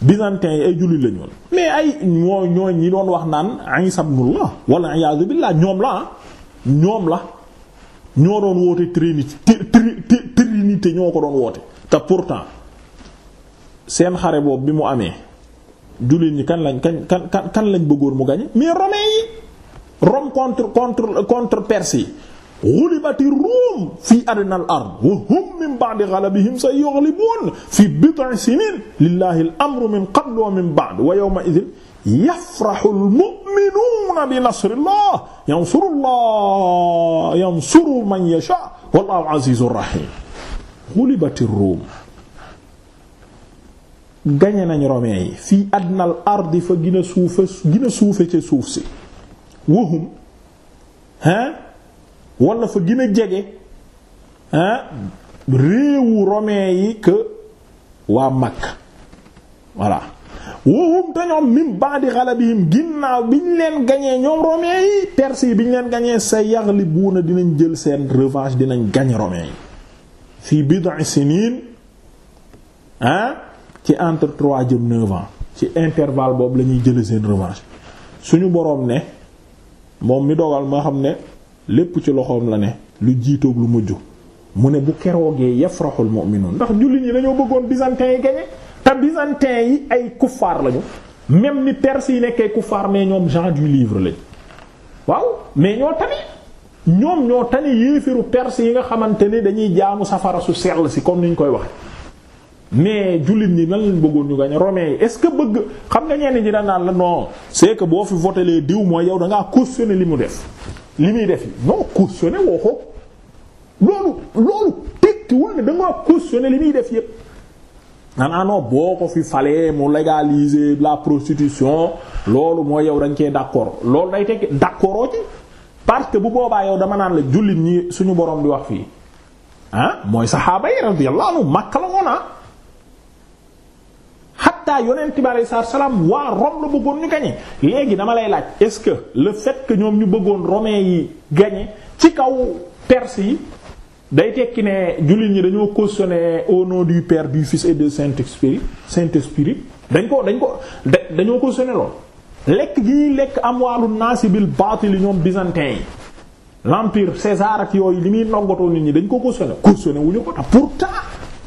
byzantins yi ay jullit la ñu woon mais ay ñoo ñoo ñi doon wax naan Isa ibnullah wala iyaazu billah ñoom la ah ñoom la ñoo doon woote trinité trinité ñoo ko doon woote te pourtant seen xare boobu bi mu amee jullit ñi kan lañ kan kan kan lañ bëggoon mu gañe mais romains yi Rome contre contre contre Perse yi ghulibati ruum fi adnal ard wa hum min ba'di ghalabihim sayughlibun fi bid'i sinin lillahi al-amru min qabl wa min ba'd wa yawma idhin yafrahu al-mu'minuna bi nasrillah yansurullah yansuru man yasha wallahu azizur rahim ghulibati ruum gañe nañ romain yi fii adnal ardi fa gën a suufe gën a suufe ca suuf si wahum ha wala fa gën jege ah réewu romain yi que waa Makka voilà woohum te ñoom min ba'di ghalabihim ginnaaw bi ñu leen gañee ñoom romain yi perse bi ñu leen gañee sa yaghlibuuna dinañ jël seen revanche dinañ gañ romain yi fii bid'i sinin ah ci entre trois jëm neuf ans ci intervalle boobu lañuy ñuy jële seen revanche suñu boroom ne moom mi dogal ma xam ne lépp ci loxoom la ne lu jiitoog lu mujj mu ne bu keroogee yafraxul mu'minuun ndax jullit yi dañoo bëggoon byzantins yi gañe te byzantins yi ay kuffaar lañu même ni perse yi nekkee kuffaar mais ñoom gens du livre lañ waaw mais ñoo tane ñoom ñoo tane yéefiru perse yi nga xamante ne dañuy jaamu safara su sell si comme ni ñu koy wax mais jullit ñi na lañ bëggoon ñu gañe romain yi est-ce que bëgg xam nga ñenn ñi da naan la noo c'est que boo fi voté diw mooy yow da ngaa cautionné li mu def li muy def yi non cautionné woo ko loolu loolu tekkiwul ne da ngaa li muy def yépp nanaa ah boo ko fi falee mu légaliser la prostitution loolu mooy yow dañ cee d'accord loolu day tekki d'accord ci parce que bu boobaa yow dama naan la jullit ñi suñu borom di wax fii ah mooy saxaaba yi radiyallahu anhu Makka la woon ah. xatta yonent bi alayhi salaam waa Rome la bëggoon ñu gañe léegi dama lay laaj est-ce que le fait que ñoom ñu bëggoon romain yi gañe ci kaw perse yi day tekki ne jullit ñi dañoo cautionné au nom du Père du Fils et du Saint-Esprit Saint-Esprit dañ ko dañ ko dañoo cautionné lool lekk gi ñuy lekk am amwaalu naasi bil baatil ñoom byzantin yi l'empire César ak yooyu li muy noggatoo nit ñi dañ ko cautionné cautionné wu ñu ko tax pourtant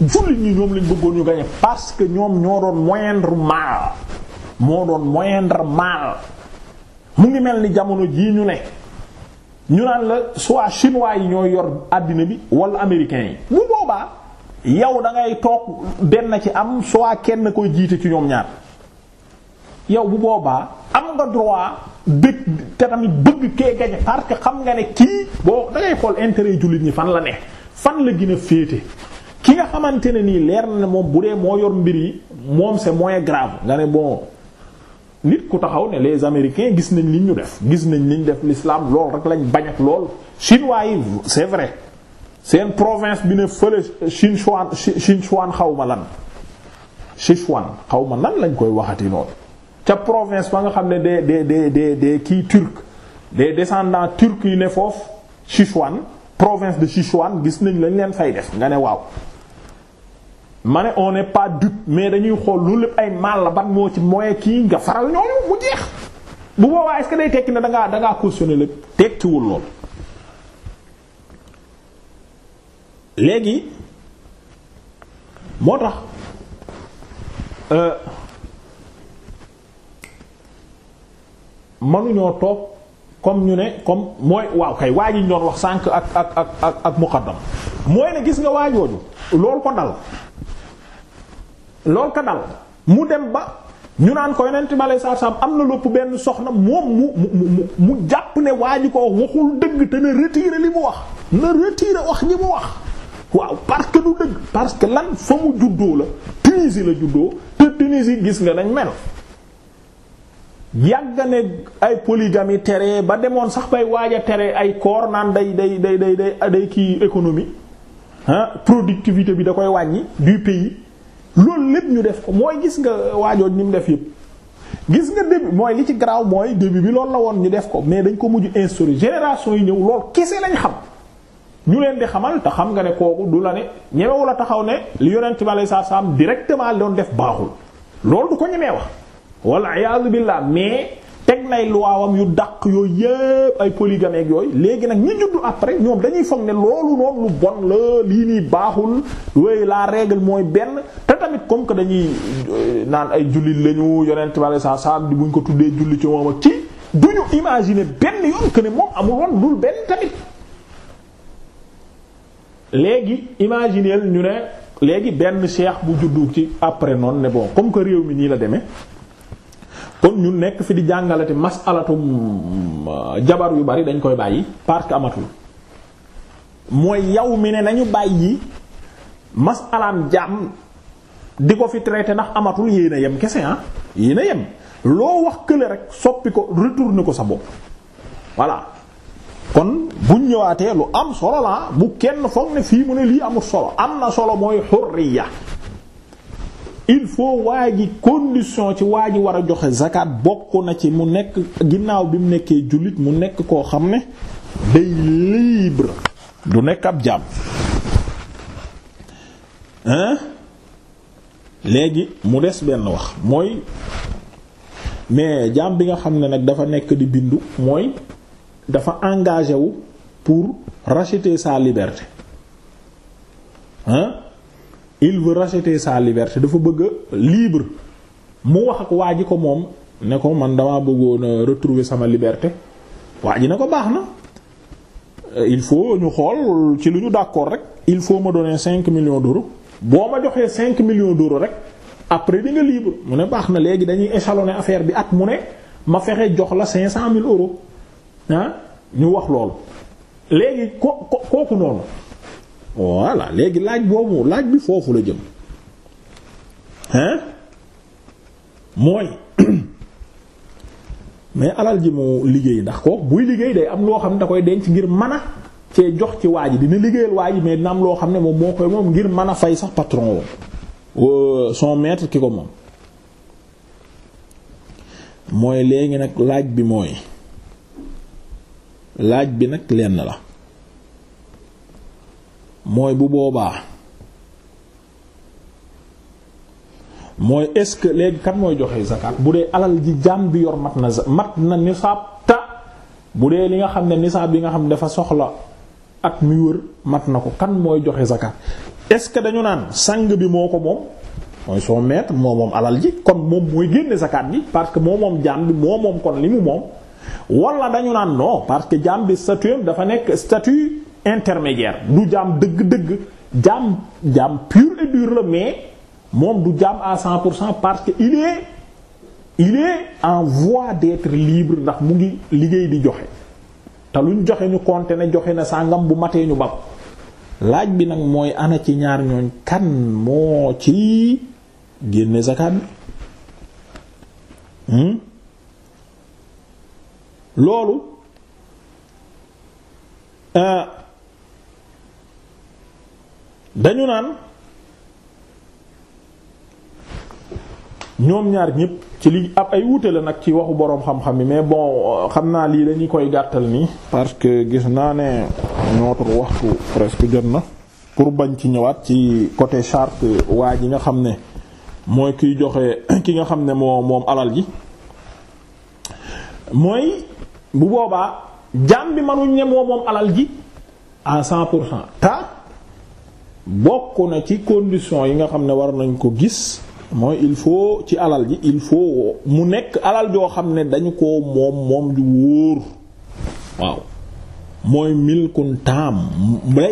jullit ñi ñoom lañ bëggoon ñu gañe parce que ñoom ñoo doon moindre mal moo doon moindre mal mu ngi mel ni jamono jii ñu ne ñu naan la soit chinois yi ñooy yor àddina bi wala américains yi bu boobaa yow da ngay toog benn ci am soit kenn koy jiite ci ñoom ñaar yow bu boobaa am nga droit dëkk tamit bëgg kee gañe parce que xam nga ne kii boo da ngay xool intérêt jullit ñi fan la ne fan la gën a féete ki nga xamante ne nii leer na ne moom bu dee moo yor mbir yi moom c'est moins grave nga ne bon nit ku taxaw ne les américains gis nañ li ñu def gis nañ li ñu def l'islam lool rek lañ bañ ak lool chinois yi c'est vrai seen province bi ne fële Sichuan Sichuan xaw ma lan Sichuan xaw ma lan lañ koy waxati noonu ca province ba nga xam ne des des des des des kii turc des descendants turcs yi ne foofu Sichuan province de Sichuan gis nañ lañ leen fay def nga ne waaw ma ne on n'est pas dupe mais dañuy xool loolu lépp ay mal la ban moo ci mooy kii nga faral ñooñu mu jeex bu boobaa est-ce que day tekki ne da ngaa da ngaa cautionné lépp tekkiwul lool. léegi moo tax euh, mënuñoo toog comme ñu ne comme mooy waaw kay waa ji doon wax sànq ak ak ak ak ak mooy ne gis nga waajooju loolu ko dal. lool ka dal mu dem ba ñu naan ko yonent bi saa saam am na lépp benn soxna moom mu mu mu mu jàpp ne waa ji ko waxul dëgg te na retiré li mu wax na retiré wax ñi mu wax waaw parce que du dëgg parce que lan fa mu juddoo la Tunisie la juddoo te Tunisie gis nga nañ mel yàgg ne ay polygamie tere ba demoon sax bay waaj tere ay koor naan day day day day day day kii économie ah productivité bi da koy wàññi du pays loolu lépp ñu def ko mooy gis nga waajooj ni mu def yëpp gis nga début mooy li ci garaaw mooy début bi loolu la woon ñu def ko mais dañ ko mujj instauré génération yu ñëw lool kese lañ xam ñu leen di xamal te xam nga ne kooku du la ne ñemewu la taxaw ne li yonent bi alayhi salaam directement li doon def baaxul loolu du ko ñemee wax walla iyaazu billaah mais teg lay luwaawam yu dàq yooyu yépp ay polygame ak yooyu léegi nag ñi juddu après ñoom dañuy foog ne loolu noonu lu bon la lii nii baaxul wéy la règle mooy benn te tamit comme que dañuy euh, naan ay jullit lañu yonent bale saa saa di buñ ko tuddee julli ci moom ak kii du ñu imaginer benn yoon que ne moom amul woon dul benn tamit léegi imaginer ñu ne léegi benn cheikh bu juddu ci après noonu ne bon comme que réew mi nii la demee. kon ñun nekk fi di jàngalati masalatum euh, jabar yu bari dañ koy bàyyi parce que amatul mooy yow mi ne nañu bàyyi masalaam jaam di ko fi traité ndax amatul yéen a yem kese ah yéen a yem loo wax kële rek soppi ko retourné ko sa bopp voilà kon buñ ñëwaatee lu am solo la bu kenn foog ne fii mu ne lii amul solo am na solo mooy xurriya il faut waa ji condition ci waa ji war a joxe zakat bokk na ci mu nekk ginnaaw bi mu nekkee jullit mu nekk koo xam ne day libre du nekk ab jaam hein léegi mu des benn wax mooy mais jaam bi nga xam ne nag dafa nekk di bindu mooy dafa engagé wu pour racheter sa liberté hein il veut racheter sa liberté dafa bëgg libre mu wax ak waa ji ko moom ne ko man dama bëggoon retrouver sama liberté waa ji ne ko baax na il faut ñu xool ci lu ñu d'accord rek il faut ma donner cinq millions d'euros boo ma joxee cinq millions d'euros rek après bi nga libre mu ne baax na léegi dañuy échelonner affaire bi at mu ne ma fexe jox la cinq cent mille euros ah, ñu wax loolu léegi ko kooku noonu voilà léegi laaj boobu laaj bi foofu la jëm hein mooy mais alal ji mu liggéey ndax kooku buy liggéey day am loo xam ne da koy denc ngir mën a cee jox ci waa ji dina liggéeyal waa ji mais dina am loo xam ne moom moo koy moom ngir mën a fay sax patron woo son maître ki ko moom mooy léegi nag laaj bi mooy laaj bi nag lenn la mooy bu boobaa mooy est-ce que léegi kan mooy joxe zakat bu dee alal ji jaam bi yor mat na mat na nisaab ta bu dee li nga xam ne nisaab bi nga xam ne dafa soxla ak mi wër mat na ko kan mooy joxe zakat est-ce que dañu naan sang bi moo ko moom mooy son maître moo moom alal ji kon moom mooy génne zakat bi parce que moo moom jaam bi moo moom kon li mu moom wala dañu naan non parce que jaam bi statut dafa nekk statut intermédiaire du jaam dëgg-dëgg jaam jaam pur et dur la mais moom du jaam à 100 cent parce que il est il est en voie d'être libre ndax mu ngi liggéey di joxe te luñ joxe ñu compter ne joxe na sàngam bu matee ñu ba laaj bi nag mooy ana ci ñaar ñooñ kan moo ci génne zakat bi hmm? loolu. Euh, dañu naan ñoom ñaar ñépp ci li ab ay wuute la nag ci waxu boroom xam-xam yi mais bon xam naa lii lañu koy gàttal nii parce que gis naa ne notre waxtu presque jot na pour bañ ci ñëwaat ci côté charte waa ji nga xam ne mooy kiy joxe ki nga xam ne moo moom alal ji mooy bu boobaa jaam bi mënuñ ne moom alal ji à cent pour cent bokk na ci condition yi nga xam ne war nañ ko gis mooy il faut ci alal ji il faut mu nekk alal joo xam ne dañu ko moom moom ju wóor waaw mooy milkun taam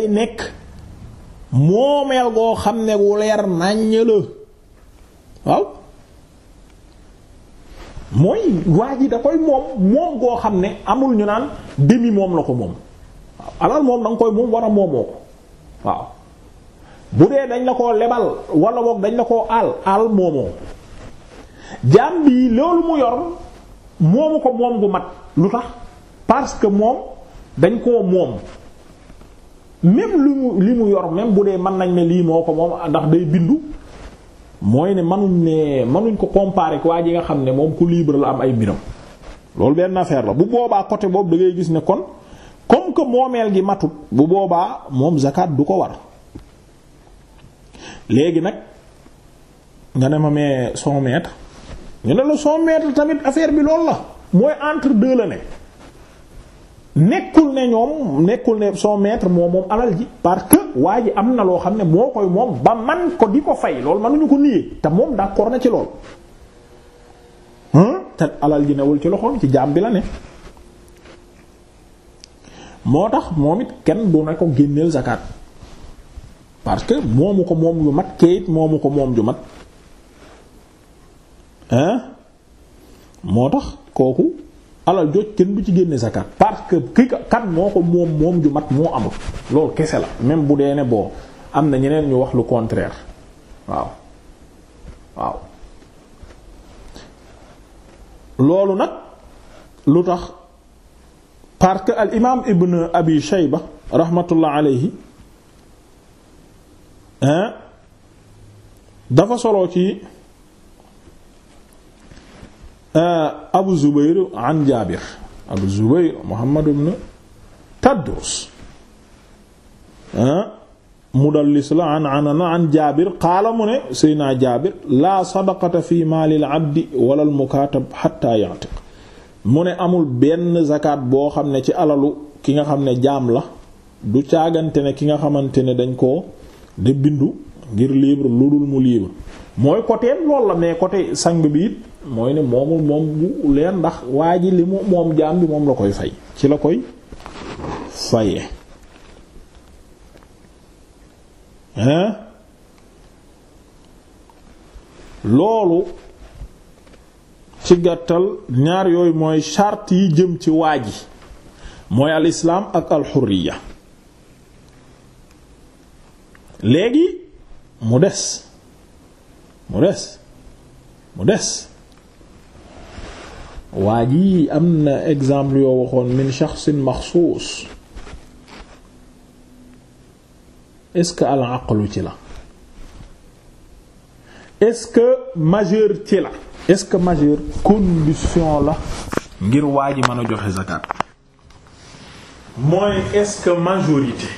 nekk moomeel xam ne wu leer nàññ la mooy waa ji da koy moom moom goo xam ne amul ñu naan demi moom la ko moom waaw alal moom da nga koy moom war a moomoo ko waaw bu dee dañ la koo lebal wala boog dañ la koo àll al moomoo jaam bii loolu mu yor moomu ko moom gu mat lu tax parce que moom dañ koo moom même li mu li mu yor même bu dee mën nañ ne lii moo ko moom ndax day bindu mooy ne manuñ ne manuñ ko comparer ak waa ji nga xam ne moom ku liibre la am ay mbiram loolu benn affaire la bu boobaa côté boobu da gis ne kon comme que moomeel gi matut bu boobaa moom zakat du ko war léegi nag nga ne ma mais 100 mètres ñu ne la 100 mètres tamit affaire bi loolu la mooy entre deux la ne nekkul ne ñoom nekkul ne 100 mètres moom moom alal ji parce que waa ji am na loo xam ne moo koy moom ba man ko di ko fay loolu mënuñu ko niee te moom d'accord na ci lool te alal ji newul ci loxoom ci jaam bi la ne moo tax moom it kenn du ne ko génneel zakat parce que moomu ko moom ju mat kayit moomu ko moom ju mat moo tax kooku alal joj kenn du ci génne zakat parce que ki kan moo ko moom moom ju mat moo amul loolu kese la même bu dee ne boo am na ñeneen ñu wax lu contraire waaw waaw loolu nag lu tax parce que al imaam ibn abi shayba rahmatullah alayhi dafa solo ci euh, Abu Zubayr an Jaabir Abu Zubayr Muhammad ibn Tadrus mudallis la an anana an Jaabir qaala mu ne Seydina Jaabir laa sadaqata fi maalil abdi wala almukaatab xatta ya'tiq mu ne amul benn zakat boo xam ne ci alalu ki nga xam ne jaam la du caagante ne ki nga xamante ne dañ ko de bindu ngir libre lu dul mu libre mooy côté loolu la mais côté sang bi it mooy ne moomul moom bu leen ndax waa ji li mu moom jaam bi moom la koy fay ci la koy fayee hein loolu ci gàttal ñaar yooyu mooy charte yi jëm ci waa ji mooy al islaam ak al xurriya léegi mu des mu des mu des waa ji am na exemple yoo waxoon min shaxsin maxsuus est-ce que al ci la est-ce que majeur ci la est-ce que majeur condition la ngir waa ji mën a joxe zakat mooy est-ce que majorité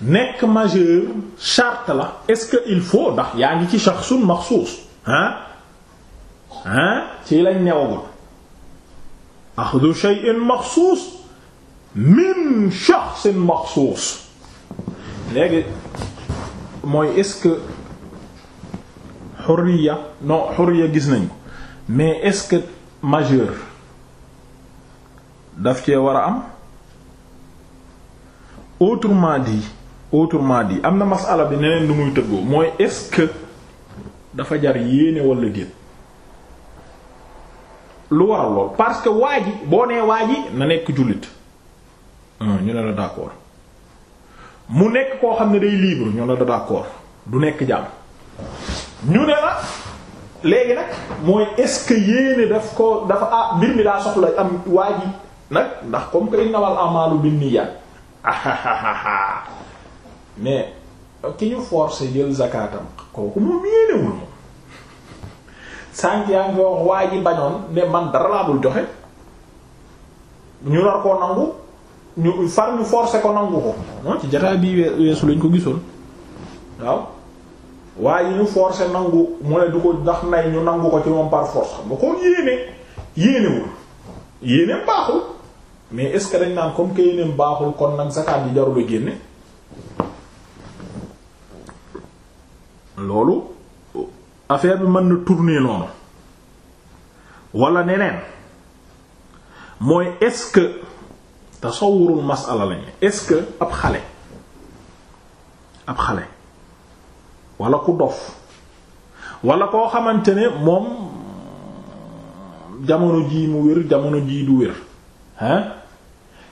nekk majeur charte la est-ce que il faut ndax yaa ngi ci shakhsun maxsuus ah ah ci lañ newagul axdu shay'in maxsuus min shakhsin maxsuus léegi mooy est-ce que xurriya non xurriya gis nañ mais est-ce que majeur daf cee war a am autrement dit autrement dit am na masala bi neneen lu muy tëggoo mooy est dafa jar yéene wala déet lu waral lool parce que waa boo nee waa ji na nekk jullit ñu ne la d'accord mu nekk koo xam ne day libre ñu ne la d'accord du nekk jàmm ñu ne la léegi nag mooy est-ce que yéene daf ko dafa ah mbir mi daa soxla am waa ji nag ndax comme que innamal a'malu binniyat mais euh, ki ñu forcé jël zakaatam kooku moom yéenewul moom sànq yaa ngi wax ji bañoon ne man dara laa dul joxe ñu nar koo nangu ñu far ñu forcé ko nangu ko non ci jataay bii weesu lañ ko gisoon waaw waaye ñu force nangu mu ne du ko ndax nay ñu nangu ko ci moom par force xam nga kon yéene yéenewul yéeneem baaxul mais est ce que dañ naan comme que yéeneem baaxul kon nag zakaat yi jarul a génne loolu affaire bi mën na tourner noonu wala neneen mooy est-ce que tasawurul masala lañu est-ce que ab xale ab xale wala ku dof wala koo xamante ne moom jamono jii mu wér jamono jii du wér hein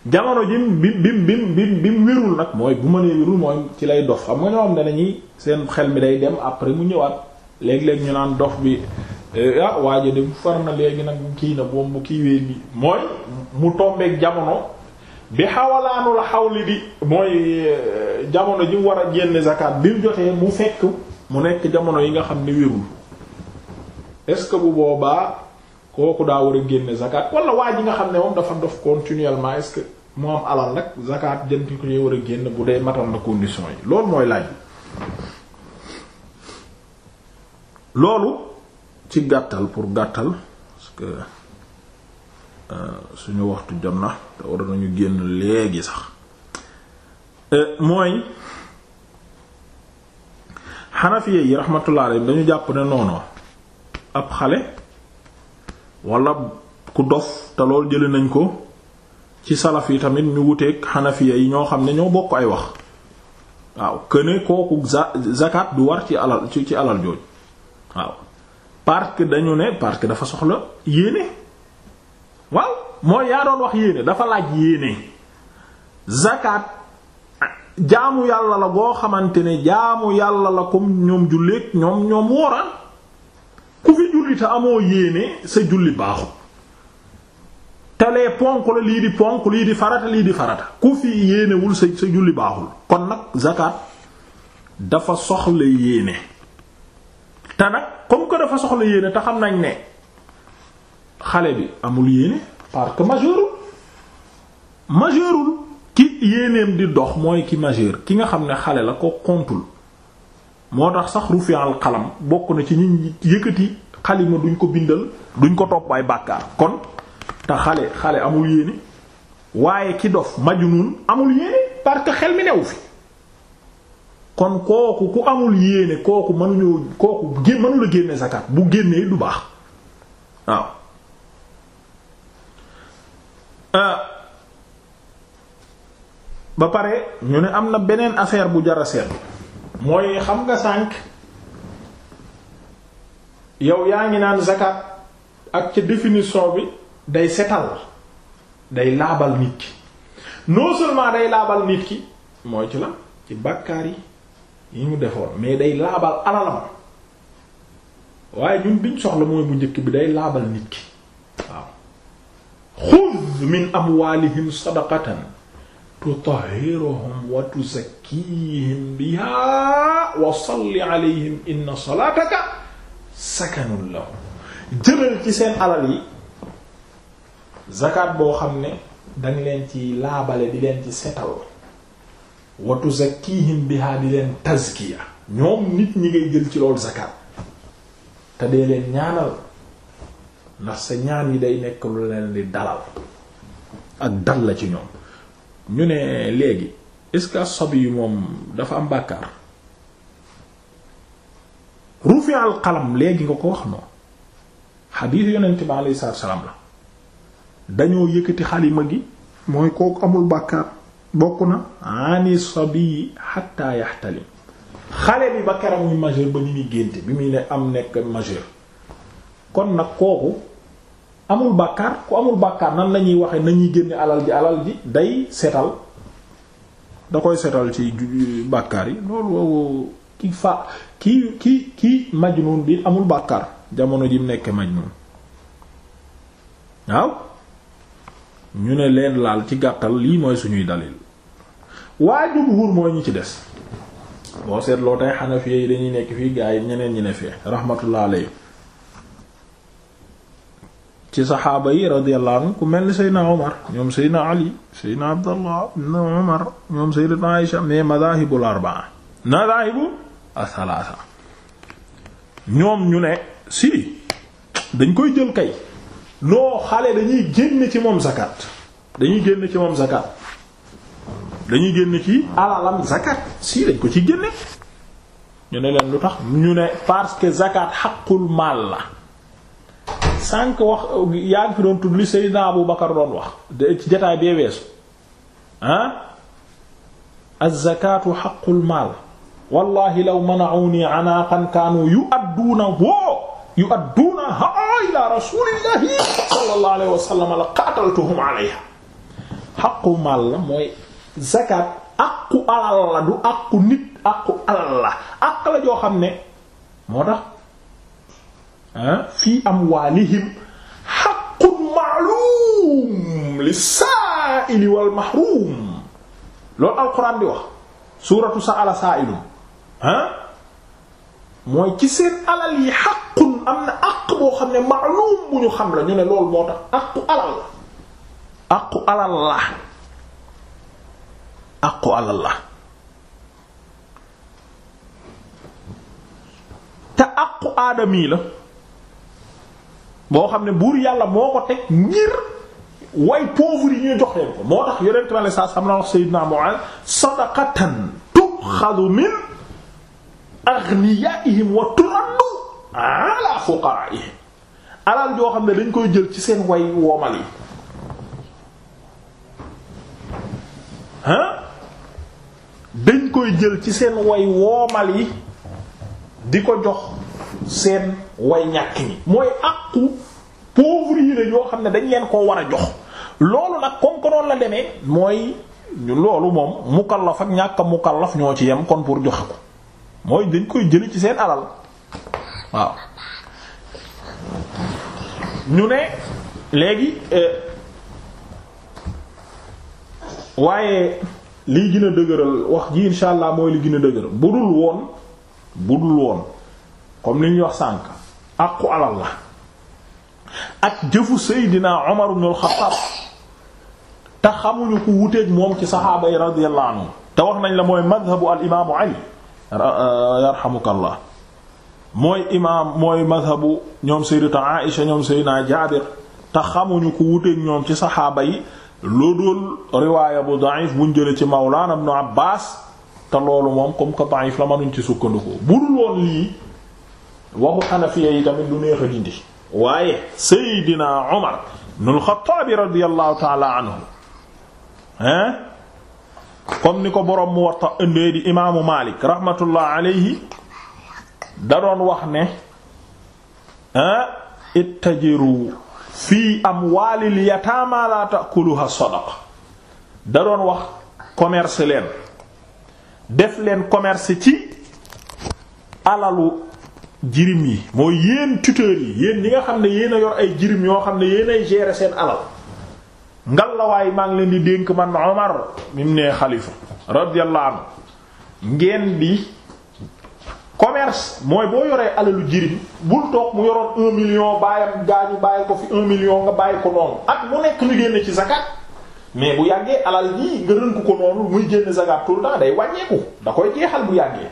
jamono jim bim bi bim bi mu wirul nag mooy bu ma nee wirul mooy ci lay dof xam nga ñoo xam ne dañuy seen xel mi day dem après mu ñëwaat léeg-léeg ñu naan dof bi eh, ah waaja de far na léegi nag kii na moom bu kii wéer gi mooy mu tombeeg jamono bi xawalaanul xawli di mooy eh, jamono ji war a génn zakat bi mu jotee mu fekk mu nekk jamono yi nga xam ne wirul est bu boobaa kooku daa war a génn zakat wala waa ji nga xam ne moom dafa dof continuellement est-ce que mu am alal nag zakat ko ci war a génn bu dee matal na conditions yi loolu mooy laaj loolu ci gàttal pour gàttal parce euh, suñu waxtu jot na te war nañu génn léegi sax euh, mooy xanafiye yi rahmatullah alayhi dañu jàpp ne noonu ab xale wala ku dof te loolu jële nañ ko ci salaf yi tamit ñu wuteeg xanafiya yi ñoo xam ne ñoo bokk ay wax waaw këne kooku zakat du war ci alal ci alal jooj waaw parce dañu ne parce que dafa soxla yéene waaw mooy yaa doon wax yéene dafa laaj yéene zakat jaamu yàlla la boo xamante ne jaamu yàlla la ko ñoom julleek ñoom ñoom wooraan ku fi julli amoo yéene sa julli baaxul te ponk la lii di ponk lii di farata lii di farata ku fi yéenewul sa sa julli baaxul kon nag zakat dafa soxla yéene te nag comme que dafa soxla yéene te xam nañ ne xale bi amul yéene parce que majeurul majeurul ki yéeneem di dox mooy ki majeur ki nga xam ne xale la ko kontul moo tax sax rufi al qalam bokk na ci ñun yëkkati xalima duñ ko bindal duñ ko topp ay bàkkaar kon te xale xale amul yéene waaye ki dof majnun amul yéene parce que xel mi newu fi kon kooku ku amul yéene kooku mënuñoo kooku gé mënula génne zakat bu génnee du baax waaw euh, ba pare ñu ne am na beneen affaire bu jara seetlu mooy xam nga sànq yow yaa ngi naan zakat ak ca définition bi day setal day laabal nit ki non seulement day laabal nit ki mooy ci la ci bàkkaar yi ñu mu defoon mais day laabal alalam waaye ñun biñ soxla mooy bu njëkk bi day laabal nit ki waaw xuz min amwalihim sadaqatan tutahhiruhum wa tuzakkihim biha wa salli alayhim inna salataka sakanun lahum jëlal ci seen alal yi zakat boo xam ne danga leen ci laabale di leen ci setal wa tuzakkihim biha di leen tazkiya ñoom nit ñi ngay jël ci loolu zakat te dee leen ñaanal ndax sa ñaan yi day nekk lu leen di dalal ak dal la ci ñoom ñu ne léegi est-ce que as-sabi moom dafa am bàkkaar rufi al-qalam léegi nga ko wax noonu xadiis yonent bi alayhi salaatu salaam la dañoo yëkkati xalima gi mooy kooku amul bàkkaar bokk na ani sabi hatta yaxtalim xale bi ba keroog muy majeur ba ni muy génte bi muy ne am nekk majeur kon nag kooku amul bàkkaar ku amul bàkkaar nan la ñuy waxe nañuy génne alal ji alal ji day seetal da koy setal ci bàkkaar yi loolu woowu ki fa ki ki ki majnun bi amul bàkkaar jamono ji mu nekk majnun waaw ñu ne leen laal ci gàttal lii mooy suñuy dalil waa jumhur mooy ñu ci des boo seetloo tey xanafiya yi dañuy nekk fii gaa yi ñeneen ñi ne fee rahmatullah ci saxaaba yi radiyallahu ku mel ni Seydina Omar ñoom Seydina Ali Seydina Abdallah ibn Omar ñoom Seydina Aïcha mais madahibul arbaa madahibu asalasa ñoom ñu ne si dañ koy jël kay noo xale dañuy génn ci moom zakat dañuy génn ci moom zakat dañuy génn ci alalam zakat si dañ ko ci génne ñu ne leen lu tax ñu ne parce que zakat xaqul maal la sànq wax yaa ngi fi doon tudd li Seydina Abu Bakar doon wax ci jataay bee weesu ah az-zakatu haqqul maal wallahi law mana'uni anaqan kaanu yu'adduuna woo yu'adduuna ila rasulillahi sallallahu alayhi wa sallam la qataltuhum alayha haqqu maal mooy zakat aqu la du aqu nit aqu alal la la joo xam ne moo tax fii amwaalihim haqqun ma'luum lis-saa'ili wal mahruum loolu alquran di wax suuratu sa'ala saa'ilun ah mooy ci seen alal yi haqqun am na aq boo xam ne ma'luum bu ñu xam la ñu ne loolu moo tax aqu alal la aqu alal la aqu alal la te aqu aadami la boo xam ne buur yàlla moo ko teg ngir way pauvre yi ñu jox leen ko moo tax yonent bi alayhi salaam la wax Seydina Mu'adh sadaqatan tuxadu min aghniyaihim wa turaddu ala fuqaraihim alal joo xam ne dañ koy jël ci seen way dañ koy jël ci seen way woomal yi di ko jox seen way ñàkk ñi mooy àqu pauvre yi la yoo xam ne dañ leen ko war a jox loolu nag comme la demee mooy ñu loolu moom mukallaf ak ñàkk a mukallaf ñoo ci yem kon pour joxe ko mooy dañ koy jëli ci seen alal waaw ñu ne léegi euh, waaye lii gën a dëgëral wax ji insha allah mooy li gën a dëgëral bu dul woon bu dul woon comme li ñuy wax sànk àqu la ak jëfu Seydina Omar ibn al te xamuñu ku wuteeg moom ci saxaaba yi radiyallahu te wax nañ la mooy madhabu al imaamu Ali euh, yarhamukallah mooy imaam mooy madhabu ñoom Sayyidatu Aïsha ñoom Seydina Jaabir te xamuñu ku wuteeg ñoom ci saxaaba yi lu dul riwaaya bu da'if buñ jële ci Mawlana ibn Abbaas te loolu moom comme que da'if la mënuñ ci sukkandiku bu dul woon lii waxu xanafiya yi tamit du neex a dindi waaye Seydina taala anhu hein ni ko boroom Muwatta indee di imaamu Maalik rahmatullah alayhi da wax ne hein ittajiru fii amwaalil yataama laa ta'kuluha sadaqa da wax commerce leen def leen commerce ci alalu jirim yi mooy yéen tuteurs yi yéen yi nga xam ne yéen a yor ay jirim yoo xam ne yéen ay gérer seen alal ngal la waaye maa ngi leen di dénk man Omar mi mu nee xalifa radiyallahu ngeen bi commerce mooy boo yoree alalu jirim bul toog mu yoroon un million bàyyam gaañu bàyyi ko fi un million nga bàyyi ko noonu ak mu nekk ñu génne ci zakat mais bu yàggee alal ji nga rënk ko noonu muy génn zakat tout le day wàññeeku da koy jeexal bu yàggee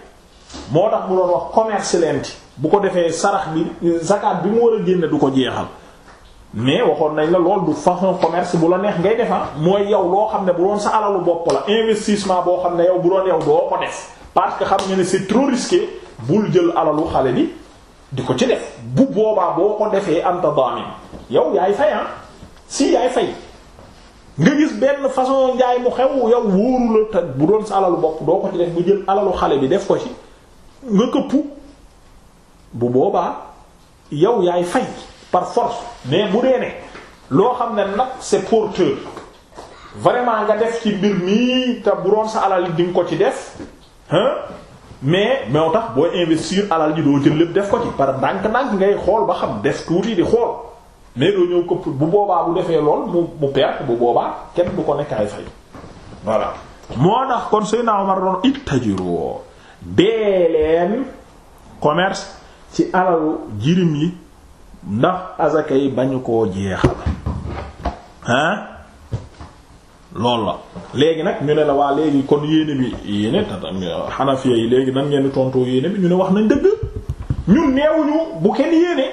moo tax mu doon wax bu ko defee sarax bi zakat bi mu war a génne du ko jeexal mais waxoon nañ la lool du façon commerce bu la neex ngay defar ah. mooy yow loo xam ne bu doon sa alalu bopp la investissement boo xam ne yow bu doon yow doo ko def parce que xam nga ne c'est trop risqué jël alalu xale bi di ko ci def boobaa boo ko defee am yow yaay fay ah si yaay fay nga gis benn façon njaay mu xew yow wóoru la te bu doon sa alalu bopp doo ko ci jël alalu xale bi def ko ci nga këpp bu boobaa yow yaay fay par force mais bu dee ne loo xam ne nag c'est porteur vraiment nga def ci mbir mi te bu doon sa alal yi ko ci def hein mais moo tax booy investir alal ji doo jël lépp def ko ci par ndànk-ndànk ngay xool ba xam def tuuti di xool mais doo ñëw këpp bu boobaa bu defee lool mu mu perte bu boobaa kenn bu ko nekkaay fay voilà moo tax kon Seydina Omar doon ittajiru dee leen commerce ci alalu jirim yi ndax azaka yi bañ koo jeexal hein loolu la léegi nag ñu ne la waa léegi kon yéene bi yéene xanafiya yi léegi nag ngeen tontoo yéene bi ñu ne wax nañ dëgg ñun neewuñu bu kenn yéene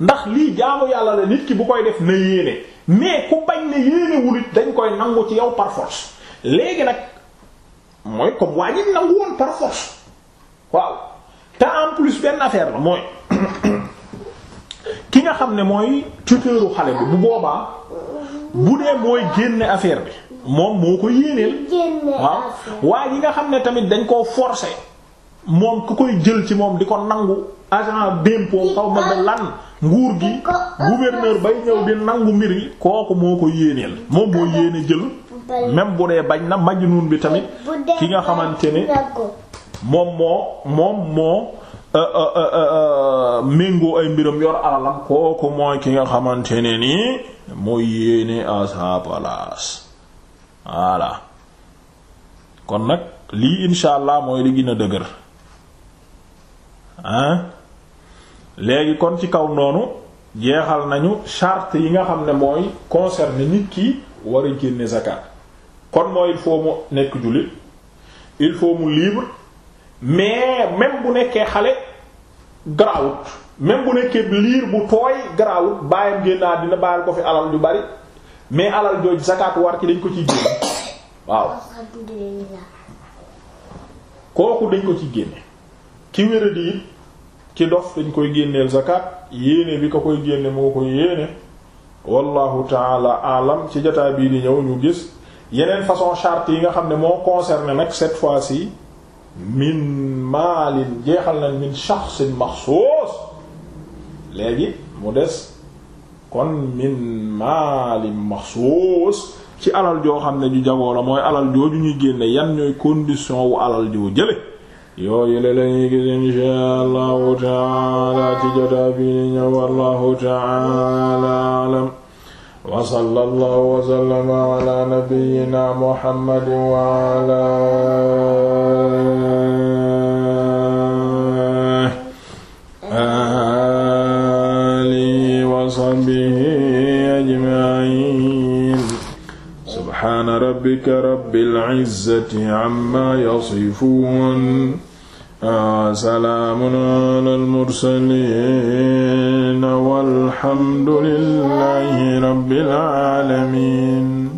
ndax lii jaamu yàlla la nit ki bu koy def na yéene mais ku bañ ne yéenewul it dañ koy nangu ci yow par léegi nag mooy comme waa ñi nangu woon par waaw te en plus benn affaire la mooy ki nga xam ne mooy tuteuru xale bi bu boobaa bu dee mooy génne affaire bi moom moo ko yéeneel waaw waaye yi nga xam ne tamit dañ koo forcer moom ku koy jël ci moom di ko nangu agent d'impôt xaw ma ba lan nguur gi gouverneur bay ñëw di nangu mbir yi kooku moo ko yéeneel moom moo yéene jël même bu dee bañ na majnuun bi tamit ki nga xamante ne moom moo moom moo euh, euh, euh, méngoo ay mbiram yor alalam kooku mooy ki nga xamante ne nii mooy yéene à sa place voilà kon nag lii insha allah mooy li gën dëgër ah léegi kon ci kaw noonu jeexal nañu charte yi nga xam ne mooy concerne nit ki war a génne zakat kon mooy il faut mu nekk jullit il faut mu libre mais même bu nekkee xale garawut même bu nekkee liir bu tooy garawut bàyyam génn dina bàyyal ko fi alal yu bari mais alal jooj zakat war ci dañ ko ciy génne dañ ko ci génne ki wéradi it ki dof dañ koy génneel zakat yéene bi ko koy génne moo ko yéene wallahu taala alam ci jotaay bii di ñëw ñu gis yeneen façon charte yi nga xam ne moo concerné nag cette fois-ci min maalin jeexal nañ min shaxsin maxsuus léegi mu des kon min maalin maxsuus ci alal joo xam ne ju jagoo la mooy alal jooju ñuy génne yan ñooy condition wu alal joo jële yooyu la lañuy gis insha allahu taala ci jotaa bi ni ñëw wallahu taala alam wasala allahu wasallama ala nabiyina mohammadin waala alihi wasahbihi ajmain subhaana rabbika rabbil izzati amma yasifun salaamun alal mursaliin walhamdulillahi rabbil aalamiin